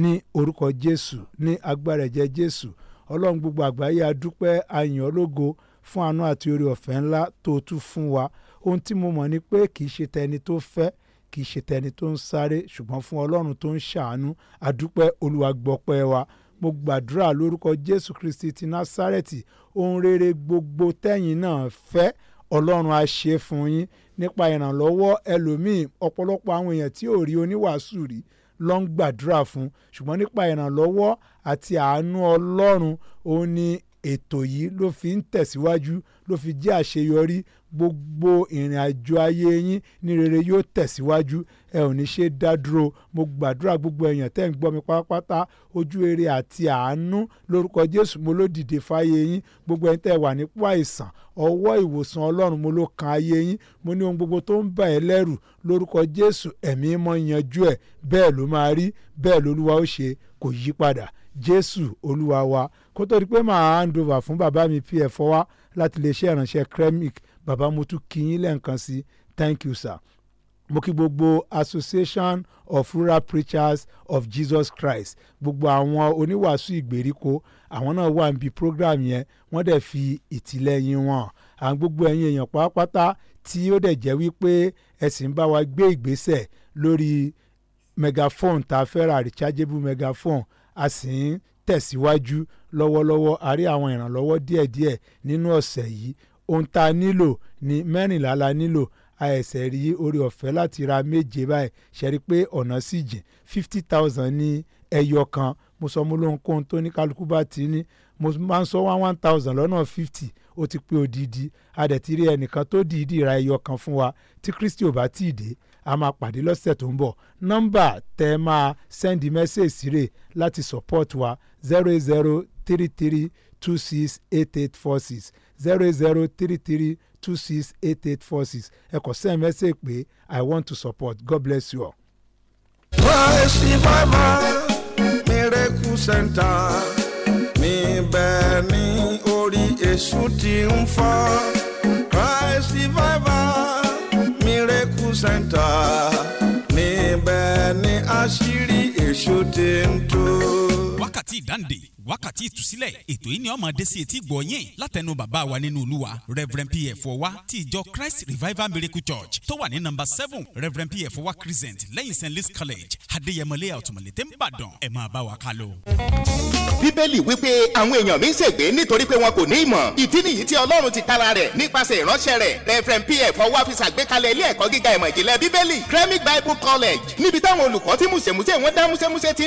ní orúkọ jésù ní agbára ẹ̀jẹ̀ jésù ọlọ́run gbogbo àgbáyé adúpẹ́ ayàn ológo fún àánú àti orí ọ̀fẹ́ ńlá tó o fún wa ohun tí mo mọ̀ ni pé kì í ṣe tẹni tó fẹ́ kì í ṣe tẹni tó ń sáré ṣùgbọ́n fún ọlọ́run tó ń ṣàánú adúpẹ́ olúwa gbọ́pẹ́ wa mo gbàdúrà lórúkọ jésù kristi ti násárẹ́tì ohun rere gbogbo tẹ́yìn náà fẹ́ ọlọ́run á ṣe fún yín nípa ìrànlọ́wọ́ ẹlòmíì ọ̀pọ̀lọpọ̀ àwọn èèyàn tí ò rí oníwàásù rí ló ń gbàdúrà fún ṣùgbọ́n nípa ìrànlọ́wọ́ àti àánú ọlọ́run òun ni ètò yìí ló fi ń tẹ̀síwájú ló fi jẹ́ àṣeyọrí gbogbo ìrìn àjò ayé yín ní rere yóò tẹ̀síwájú ẹ ò ní ṣe dá dúró mo gbàdúrà gbogbo èèyàn tẹ́ ń gbọ́ mi pátápátá ojú rere àti àánú lórúkọ Jésù mo ló dìde fáyé yín gbogbo ẹni tẹ́ wà nípò àìsàn ọwọ́ ìwòsàn Ọlọ́run mo ló kan ayé yín mo ní ohun gbogbo tó ń bà ẹ́ lẹ́rù lórúkọ Jésù ẹ̀mí mọ́ yanjú ẹ̀ bẹ́ẹ̀ ló máa rí bẹ́ẹ̀ lolúwa ó ṣe kò yí padà jésù olúwa wa kó tó di pé màá hand fún bàbá mi pf fọwá láti lè ṣe ìrànṣẹ́ kremik bàbá mo tún kí yín lẹ́ẹ̀kan sí thank you sir mo kí gbogbo association of rural preachers of jesus christ gbogbo àwọn oníwàásù ìgbèríko àwọn náà wà níbi program yẹn wọ́n dẹ̀ fi ìtìlẹ́yìn wọn à ń gbogbo ẹ̀yin èèyàn pátápátá tí ó dẹ̀ jẹ́ wípé ẹ̀sìn bá wa gbé ìgbésẹ̀ lórí megaphone tá a fẹ́ ra rechargeable megaphone a sì ń tẹ̀síwájú lọ́wọ́lọ́wọ́ a rí àwọn ìrànlọ́wọ́ díẹ̀díẹ̀ nínú ọ̀sẹ̀ yìí ohun tá a nílò ní mẹ́rìnlá la nílò àìsẹ̀ rí orí ọ̀fẹ́ láti ra méje báyìí ṣẹ́rí pé ọ̀nà sì jìn fifty thousand ní ẹyọ kan mo sọ mo ló ń kó ohun tó ní kálukú bá ti ní mo máa ń sọ wá one thousand lọ́nà fifty ó ti pé odidi a dẹ̀ ti rí ẹnìkan tó dìídì ra ẹyọ kan fún wa tí Kristi ò bá tì í dé a máa pàdé lọ́sẹ̀ tó ń bọ̀ nọ́mbà tẹ́ ẹ máa sẹ́ndì mẹ́sẹ̀ẹ́ síre láti support wa zero eight zero three three two six eight eight four six zero eight zero three three two six eight eight four six ẹ kàn sẹ́ndì mẹ́sẹ̀ẹ́ pé i want to support god bless you all. Praise mama miracle center níbẹ̀ ní orí èṣù ti ń fọ́ Christ revival medical center níbẹ̀ ni àṣírí èso ti ń tó wákàtí ìdáǹdè wákàtí ìtúsílẹ̀ ètò yìí ni ọmọ adé sí etí yín látẹnu bàbá wa nínú olúwa reverend pf ọwá ti ìjọ christ revival miracle church tó wà ní nọ́mbà seven reverend pf ọwá crescent lẹ́yìn st louis college adéyẹmọlẹ́yà ọ̀tùmọ̀lẹ́tẹ̀ ń bàdàn ẹ̀ máa bá wa ká lọ. bíbélì wípé àwọn èèyàn mi ń ṣègbé nítorí pé wọn kò ní ìmọ̀ ìdí nìyí tí ọlọ́run ti tara rẹ̀ nípasẹ̀ ìránṣẹ́ rẹ̀ reverend pf ọwá fi ṣàgbékalẹ̀ ilé ẹ̀kọ́ gíga ìmọ̀ ìjìnlẹ̀ bíbélì kremik bible college níbi táwọn olùkọ́ tí mùsèmùsè wọn dá mùsèmùsè ti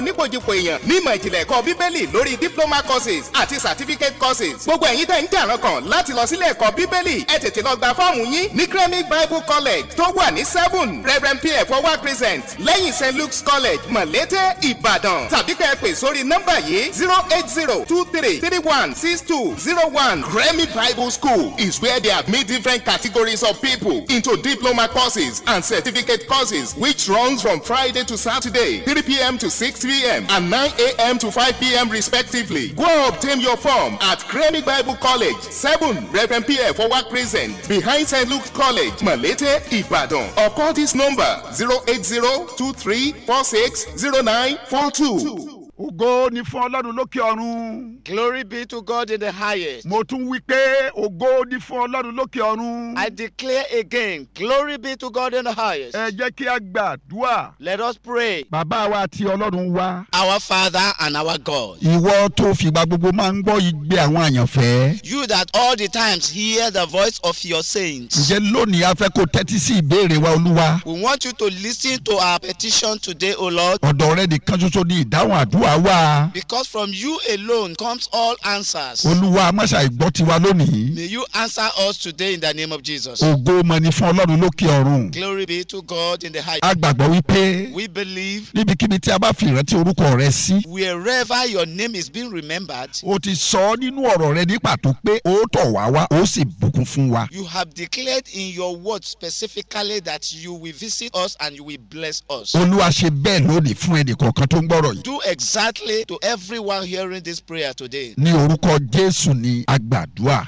onígbòjìpò èèyàn ní ìmọ̀ ìjìnlẹ̀ ẹ̀kọ́ bíbélì lórí diploma courses àti certificate courses gbogbo ẹ̀yin tẹ̀ ń jàrán kan láti lọ sílé ẹ̀kọ́ bíbélì ẹ tètè lọ gba fọ́ọ̀mù yín ní kremik bible college tó wà ní seven reverend pf ọwá present. lẹ́yìn st luke's college mọ̀lété ìbàdàn tàbí kẹ́ ẹ pè sórí nọ́mbà yìí zero eight zero two three three one six two zero one kremik bible school is where they have made different categories of people into diploma courses and certificate courses which runs from friday to saturday three pm to six p.m. and 9 a.m. to 5 p.m. respectively. Go obtain your form at Kremi Bible College, 7 Rev. P.F. for work present behind St. Luke's College, Malete, Ibadan. Or call this number 080 2346 0942 ògo ni fún ọlọ́run lókè ọ̀run. glory be to God in the highest. mo tún wí pé ògo ni fún ọlọ́run lókè ọ̀run. I declare again glory be to God in the highest. ẹ jẹ́ kí a gbàdúrà. let us pray. bàbá wa àti ọlọ́run wa. our father and our God. ìwọ tó fìgbà gbogbo máa ń gbọ́ igbe àwọn àyànfẹ́. you that all the times hear the voice of your saints. ǹjẹ́ lónìí a fẹ́ kó tẹ́tí sí ìbéèrè wa olúwa. we want you to listen to our petition today o Lord. ọ̀dọ̀ rẹ nìkan ṣoṣo ni ìdáhùn àdúrà wàá wá. because from you alone comes all answers. olúwa amáṣà ìgbọ́ tiwa lónìí. may you answer us today in the name of Jesus. ògo mọ ni fún ọlọ́run lókè ọ̀run. glory be to God in the high. a wípé. we believe. níbikíbi tí a bá fi ìrántí orúkọ rẹ sí. wherever your name is being remembered. o ti sọ nínú ọ̀rọ̀ rẹ ní pàtó pé ó tọ̀ wá wá ó sì bùkún fún wa. you have declared in your word specifically that you will visit us and you will bless us. olúwa ṣe bẹ́ẹ̀ lónìí fún ẹnì kọ̀ọ̀kan tó ń gbọ́rọ̀ yìí. do exactly exactly to everyone hearing this prayer today. ní orúkọ jésù ni a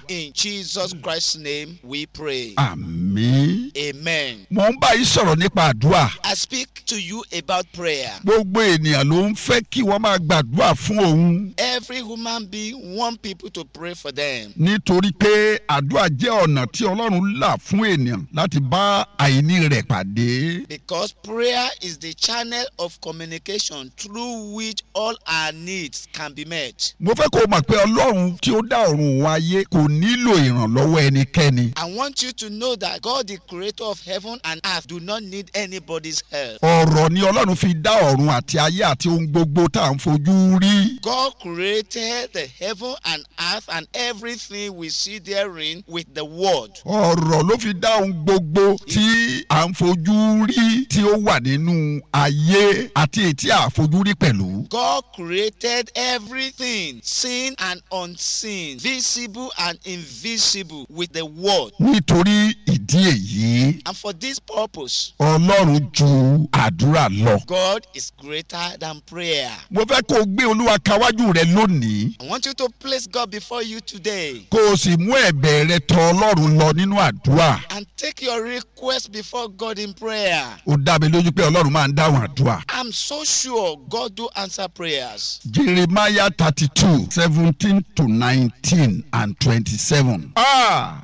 in jesus christ's name we pray. àmín. amen. mo ń bá yín sọ̀rọ̀ nípa àdúrà. i speak to you about prayer. gbogbo ènìyàn ló ń fẹ́ kí wọ́n máa gbàdúrà fún òun. every human being want people to pray for them. nítorí pé àdúrà jẹ́ ọ̀nà tí ọlọ́run là fún ènìyàn láti bá àìní rẹ̀ pàdé. because prayer is the channel of communication through which all our needs can be met. mo fẹ́ kó o mọ̀ pé ọlọ́run tí ó dá ọ̀run òun ayé kò nílò ìrànlọ́wọ́ ẹnikẹ́ni. I want you to know that God the creator of heaven and earth do not need anybody's help. ọ̀rọ̀ ni ọlọ́run fi dá ọ̀run àti ayé àti ohun gbogbo tá à ń fojú rí. God created the heaven and earth and everything we see therein with the word. ọ̀rọ̀ ló fi dá ohun gbogbo tí à ń fojú rí ó wà nínú ayé àti ètí àfojúrí pẹ̀lú. God created everything seen and unseen visible and invisible with the word. nítorí ìdí èyí. and for this purpose. Ọlọ́run ju àdúrà lọ. God is greater than prayer. mo fẹ́ kó o gbé Olúwa kawájú rẹ lónìí. I want you to place God before you today. kó o sì mú ẹ̀bẹ̀ rẹ tọ̀ Ọlọ́run lọ nínú àdúrà. and take your request before God in prayer. ó dá dá lójú pé ọlọ́run máa ń dáhùn àdúrà. I'm so sure God do answer prayers. Jeremiah thirty-two seventeen to nineteen and twenty-seven.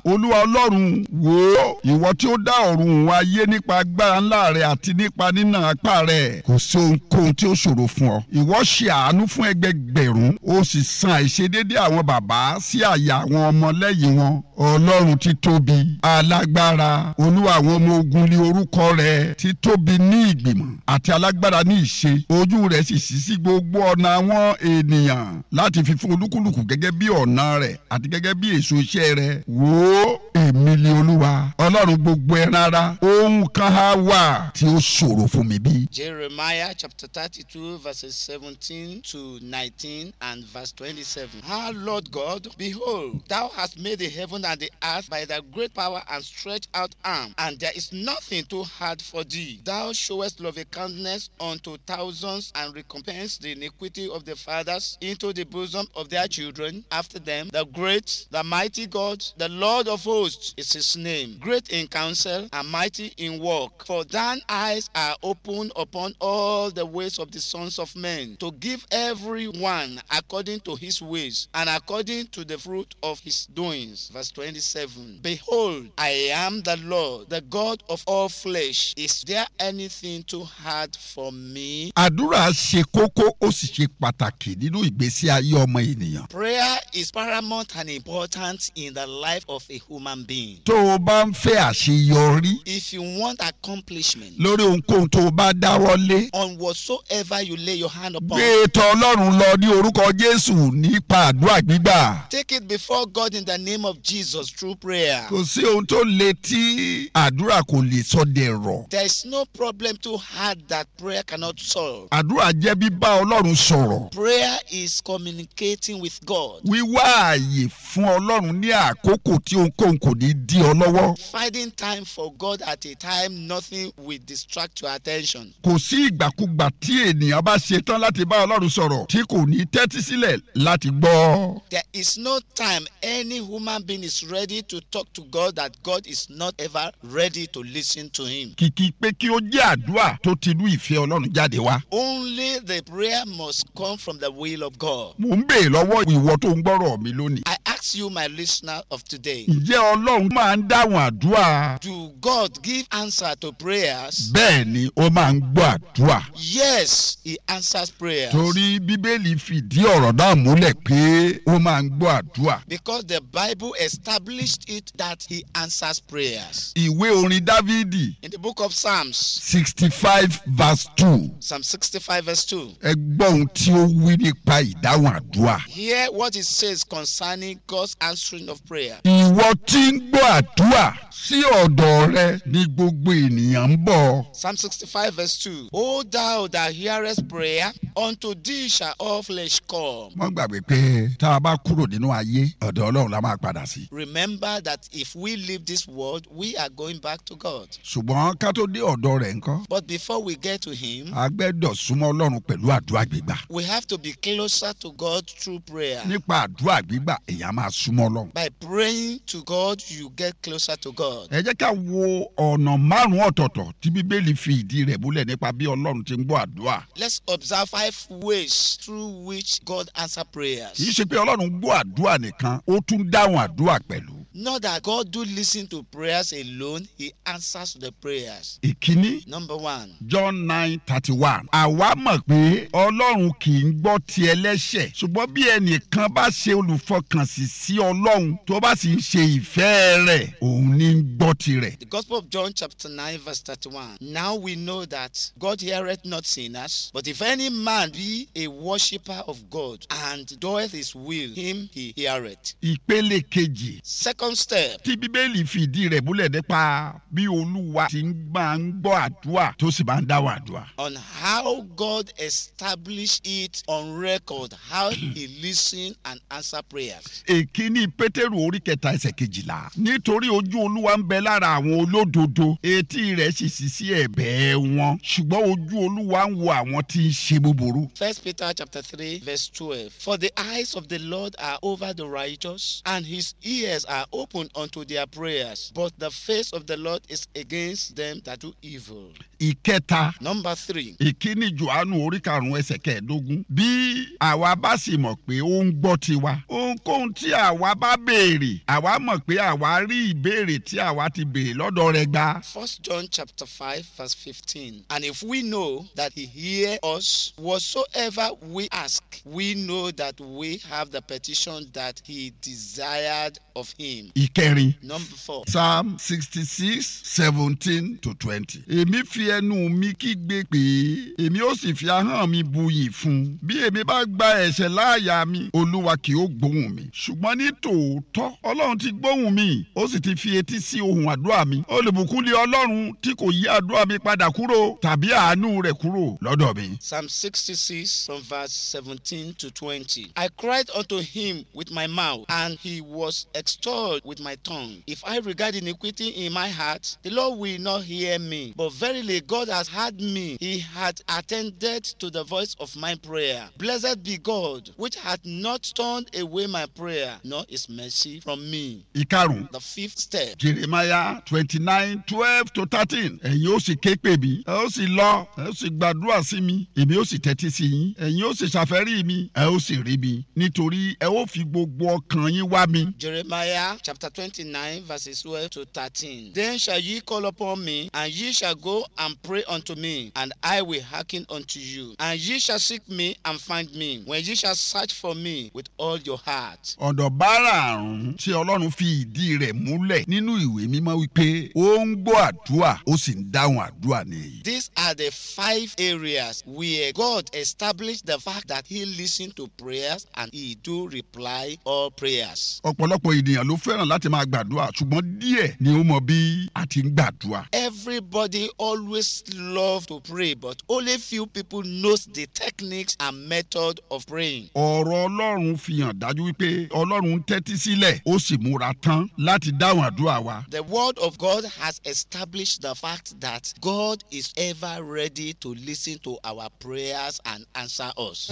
Olúwa ọlọ́run wò ó ìwọ tí ó dá ọ̀run òun ayé nípa agbára ńlá rẹ̀ àti nípa nínà apá rẹ̀ kò sí ohunkóhun tí ó ṣòro fún ọ. Ìwọ ṣe àánú fún ẹgbẹgbẹ̀rún ó sì san àìṣedédé àwọn bàbá sí àyà àwọn ọmọlẹ́yìn wọn. Ọlọ́run títóbi alágbára olúwa àwọn ọmọ ogun ní orúkọ rẹ̀ títóbi tóbi ní ìgbìmọ̀ àti alágbára ní ìṣe ojú rẹ̀ sì ṣí sí gbogbo ọ̀nà àwọn ènìyàn láti fi fún olúkúlùkù gẹ́gẹ́ bí ọ̀nà rẹ̀ àti gẹ́gẹ́ bí èso iṣẹ́ rẹ̀ wò èmi ni olúwa ọlọ́run gbogbo ẹran ara ohun kan á wà tí ó ṣòro fún mi bí. jeremiah chapter thirty-two verses seventeen to nineteen and verse twenty-seven. ah lord god behold thou hast made the heaven and the earth by thy great power and stretched out arm and there is nothing too hard for thee. thou showest loving kindness unto thousands and recompense the iniquity of the fathers into the bosom of their children after them. The great, the mighty God, the Lord of hosts is his name, great in counsel and mighty in work. For thine eyes are open upon all the ways of the sons of men, to give every one according to his ways and according to the fruit of his doings. Verse 27 Behold, I am the Lord, the God of all flesh. Is there anything too hard for me. àdúrà ṣe kókó ó sì ṣe pàtàkì nínú ìgbésí ayé ọmọ ènìyàn. prayer is paramount and important in the life of a human being. tó o bá ń fẹ́ àṣeyọrí. if you want accomplishment. lórí ohunkóhun tó o bá dáwọ́ lé. on whatsoever you lay your hand upon. gbé ètò ọlọ́run lọ ní orúkọ jésù nípa àdúrà gbígbà. take it before God in the name of Jesus through prayer. kò sí ohun tó le tí àdúrà kò lè sọ dẹ̀rọ̀. there is no problem too hard that prayer cannot solve. àdúrà jẹ́ bíbá ọlọ́run sọ̀rọ̀. prayer is communicating with God. wíwá ààyè fún ọlọ́run ní àkókò tí ohunkóhun kò ní dí ọ lọ́wọ́. finding time for God at a time nothing will distract your attention. kò sí ìgbàkúgbà tí ènìyàn bá ṣe tán láti bá ọlọ́run sọ̀rọ̀ tí kò ní tẹ́tí sílẹ̀ láti gbọ́. there is no time any human being is ready to talk to God that God is not ever ready to listen to him. kìkì pé kí ó jẹ́ àdúrà tó ti ìfẹ́ Ọlọ́run jáde wá. Only the prayer must come from the will of God. Mo ń lọ́wọ́ ìwọ tó ń gbọ́rọ̀ mi lónìí. I ask you my listener of today. Ǹjẹ́ Ọlọ́run máa ń dáhùn àdúrà? Do God give answer to prayers? Bẹ́ẹ̀ni, ó máa ń gbọ́ àdúrà. Yes, he answers prayers. Torí Bíbélì fìdí ọ̀rọ̀ náà múlẹ̀ pé ó máa ń gbọ́ àdúrà. Because the Bible established it that he answers prayers. Ìwé orin Dávidi. In the book of Psalms. sixty-five verse two. Psalm sixty-five verse two. Ẹ tí ó wí nípa ìdáhùn àdúrà. Hear what it says concerning God's answering of prayer. Ìwọ tí ń gbọ́ àdúrà sí ọ̀dọ̀ rẹ ni gbogbo ènìyàn ń bọ̀. Psalm sixty-five verse two. O thou that hearest prayer, unto thee shall all flesh come. Wọ́n gbàgbé pé tá a bá kúrò nínú ayé, ọ̀dọ̀ Ọlọ́run la máa padà sí. Remember that if we leave this world, we are going back to God. Ṣùgbọ́n ká tó dé ọ̀dọ̀ ọ̀dọ̀ rẹ̀ ńkọ́. But before we get to him. a gbẹ́dọ̀ súnmọ́ Ọlọ́run pẹ̀lú àdúrà gbígbà. We have to be closer to God through prayer. nípa àdúrà gbígbà èèyàn máa súnmọ́ Ọlọ́run. By praying to God you get closer to God. ẹ jẹ́ ká wo ọ̀nà márùn-ún ọ̀tọ̀ọ̀tọ̀ tí Bíbélì fi ìdí rẹ̀ múlẹ̀ nípa bí Ọlọ́run ti ń gbọ́ àdúrà. Let's observe five ways through which God answer prayers. kì í ṣe pé Ọlọ́run gbọ́ àdúrà nìkan ó tún dáhùn àdúrà pẹ̀lú. Know that God do listen to prayers alone, he answers the prayers. Ìkíní. Number one. John nine thirty one. Àwa mọ̀ pé Ọlọ́run kì í gbọ́ ti ẹlẹ́ṣẹ̀ ṣùgbọ́n bí ẹnìkan bá ṣe olùfọkànsìn sí Ọlọ́run tó bá sì ń ṣe ìfẹ́ rẹ̀ òun ní gbọ́ tirẹ̀. The Gospel of John chapter nine verse thirty-one. Now we know that God heareth not sinners, but if any man be a worshipper of God and doeth his will, him he heareth. Ìpele kejì. Second second step. tí bíbélì fìdí rẹ̀ múlẹ̀ nípa bí olúwa ti máa ń gbọ́ àdúrà tó sì máa ń dáhùn àdúrà. on how God established it on record how he listened and answered prayers. èkíní pétérù orí kẹta ẹsẹ̀ kejìlá nítorí ojú olúwa ń bẹ lára àwọn olódodo etí rẹ̀ sì sì sí ẹ̀bẹ̀ wọn ṣùgbọ́n ojú olúwa ń wo àwọn tí ń ṣe búburú. first peter chapter three verse twelve for the eyes of the lord are over the righteous and his ears are over. open unto their prayers, but the face of the Lord is against them that do evil. Ìkẹta. Number three. Ìkíni Jòhánù orí karùn-ún ẹsẹ̀ kẹẹ̀ẹ́dógún. Bí àwa bá sì mọ̀ pé ó ń gbọ́ tiwa. Ohunkóhun tí àwa bá béèrè, àwa mọ̀ pé àwa rí ìbéèrè tí àwa ti béèrè lọ́dọ̀ rẹ̀ gbà. First John chapter five verse fifteen. And if we know that he hear us whatsoever we ask, we know that we have the petition that he desired of him. ìkẹrin. psalm sixty six seventeen to twenty. èmi fi ẹnu mi kígbe pé èmi ó sì fi ahọ́n mi buyì fún. bí èmi bá gba ẹ̀ṣẹ̀ láàyà mi olúwa kì ó gbóhùn mi. ṣùgbọ́n ní tòótọ́ ọlọ́run ti gbóhùn mi ó sì ti fi etí sí ohùn àdúrà mi. olùbùkún lé ọlọ́run tí kò yí àdúrà mi padà kúrò tàbí àánú rẹ̀ kúrò lọ́dọ̀ mi. psalm sixty six from verse seventeen to twenty. I cried unto him with my mouth and he was extolled. God with my tongue. If I regard iniquity in my heart, the Lord will not hear me. But verily, God has heard me. He hath attended to the voice of my prayer. Blessed be God, which hath not turned away my prayer, nor his mercy from me. Ikaru, The fifth step. Jeremiah twenty-nine twelve to thirteen. Ẹ̀yin ó sì ké pè mí. Ẹ ó sì lọ. Ẹ ó sì gbàdúrà sí mi. Èmi ó sì tẹ́tí sí yín. Ẹ̀yin ó sì ṣàfẹ́rí mi. Ẹ ó sì rí mi. Nítorí ẹ ó fi gbogbo ọkàn yín wá mi. Jeremiah chapter twenty nine verses twelve to thirteen. Then shall ye call upon me, and ye shall go and pray unto me, and I will hearken unto you. And ye shall seek me and find me, when ye shall search for me with all your heart. Ọ̀dọ̀ bára àrùn tí Ọlọ́run fi ìdí rẹ̀ múlẹ̀ nínú ìwé mímọ́ wípé ó ń gbọ́ àdúrà ó sì ń dáhùn àdúrà nìyí. These are the five areas where God established the fact that he listened to prayers and he do reply all prayers. Ọ̀pọ̀lọpọ̀ ènìyàn ló fẹ́ fẹ́ràn láti máa gbàdúrà ṣùgbọ́n díẹ̀ ni ó mọ bí a ti ń gbàdúrà. everybody always love to pray but only few people knows the techniques and method of praying. ọ̀rọ̀ ọlọ́run fi hàn dájú wípé ọlọ́run tẹ́tí sílẹ̀ ó sì múra tán láti dáhùn àdúrà wa. the word of God has established the fact that God is ever ready to listen to our prayers and answer us.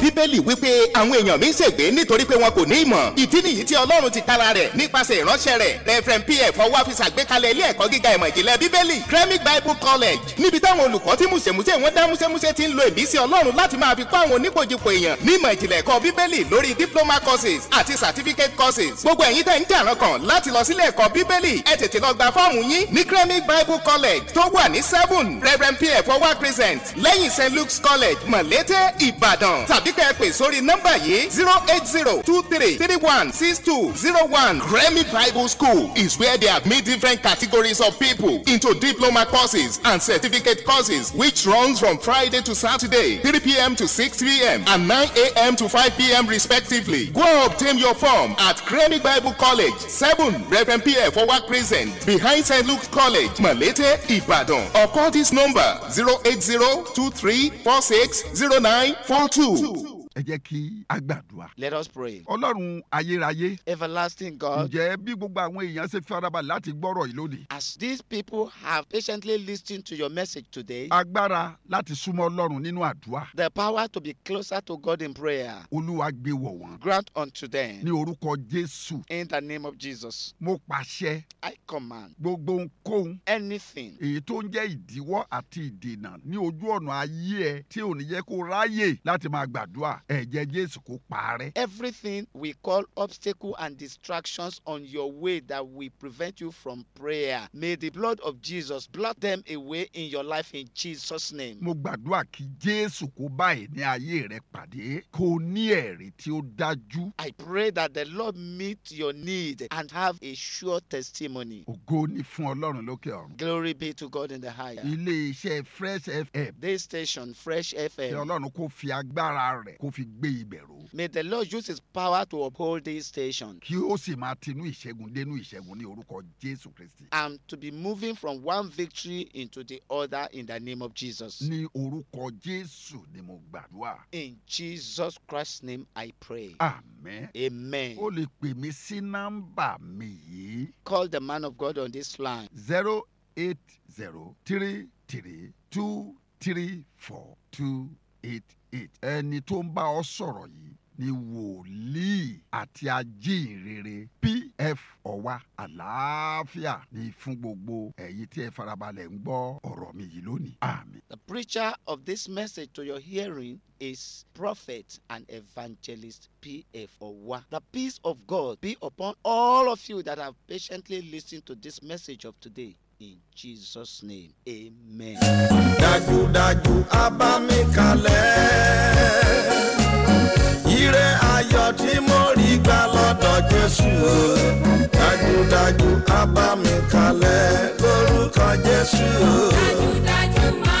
bíbélì wípé àwọn èèyàn mi ń ṣègbé nítorí pé wọn kò ní ìmọ̀ ìdí nìyí tí ọlọ́run ti ta ara rẹ̀ nípasẹ̀ ìránṣẹ́ rẹ̀ reverend pf ọwọ́fíìsì àgbékalẹ̀ ilé ẹ̀kọ́ gíga ìmọ̀ ìjìnlẹ̀ bíbélì kremik bible college níbi táwọn olùkọ́ tí mùsèmùsè wọn dá músẹ́músẹ́ ti ń lo ìbísí ọlọ́run láti máa fi kọ́ àwọn oníkojúpo èèyàn ní ìmọ̀ ìjìnlẹ̀ ẹ̀kọ́ bíbélì lórí diploma courses àti certificate courses gbogbo ẹ̀yin tẹ̀ ń jàrán kan láti lọ sílé ẹ̀kọ́ bíbélì ẹ tètè lọ gba fọ́ọ̀mù yín ní kremik bible college tó wà ní seven reverend pf ọwọ́ present lẹ́yìn st luke's college mọ̀lété ìbàdàn tàbí kẹ́ ẹ pè sórí nọ́mbà yìí zero eight zero two three three one six two zero one Remy Bible School is where they admit different categories of people into diploma courses and certificate courses, which runs from Friday to Saturday, 3 p.m. to 6 p.m. and 9 a.m. to 5 p.m. respectively. Go obtain your form at Remy Bible College, 7 Reverend P.F. Forward Present, behind St. Luke's College, Malete, Ibadan. Or call this number 080 2346 0942 ẹ jẹ́ kí a gbàdúrà. let us pray. ọlọ́run ayérayé. everlasting God. ǹjẹ́ bí gbogbo àwọn èèyàn ṣe farabalẹ̀ láti gbọ́rọ̀ yìí lónìí. as these people have patiently listened to your message today. agbára láti súnmọ́ ọlọ́run nínú àdúrà. the power to be closer to God in prayer. olúwa gbé wọ̀ wọ́n. grant unto them. ní orúkọ jésù. in the name of Jesus. mo pàṣẹ. I command. gbogbo nkóhun. anything. èyí tó ń jẹ́ ìdíwọ́ àti ìdènà ní ojú ọ̀nà ayé ẹ tí ò ní jẹ́ kó ráyè láti máa gbàdúrà ẹ̀jẹ̀ jésù kó parẹ́. everything we call obstacle and distractions on your way that will prevent you from prayer may the blood of jesus blot them away in your life in jesus name. mo gbàdúrà kí jésù kó bá ìní ayé rẹ pàdé kó ní ẹ̀rí tí ó dájú. i pray that the lord meet your need and have a sure testimony. ògo ni fún ọlọ́run lókè ọ̀run. glory be to god in the higher. ilé iṣẹ́ fresh fm. this station fresh fm. ṣé ọlọ́run kò fi agbára rẹ̀ kò fi gbé ibẹ̀ ró. May the Lord use his power to uphold this station. Kí ó sì máa tinú ìṣẹ́gun dénú ìṣẹ́gun ní orúkọ Jésù Kristi. And to be moving from one victory into the other in the name of Jesus. Ní orúkọ Jésù ni mo gbàdúrà. In Jesus Christ's name I pray. Amen. Amen. O lè pè mí sí nọ́mbà mi yìí. Call the man of God on this line. zero eight zero three three two three four two eight eight ẹni tó ń bá ọ sọ̀rọ̀ yìí ni wòlíì àti ajínrere pf ọwa àlàáfíà ni fún gbogbo ẹ̀yin tí ẹ farabalẹ̀ ń gbọ́ ọ̀rọ̀ mi yìí lónìí àmín. The preacher of this message to your hearing is prophet and evangelist P.F. Owa. The peace of God be upon all of you that have patiently listened to this message of today. In Jesus' name, amen. Dájúdájú a bá mi kalẹ̀. Ire ayọ̀ tí mo rí gbà lọ́dọ̀ Jésù. Dájúdájú a bá mi kalẹ̀ lórúkọ Jésù. Dájúdájú máa.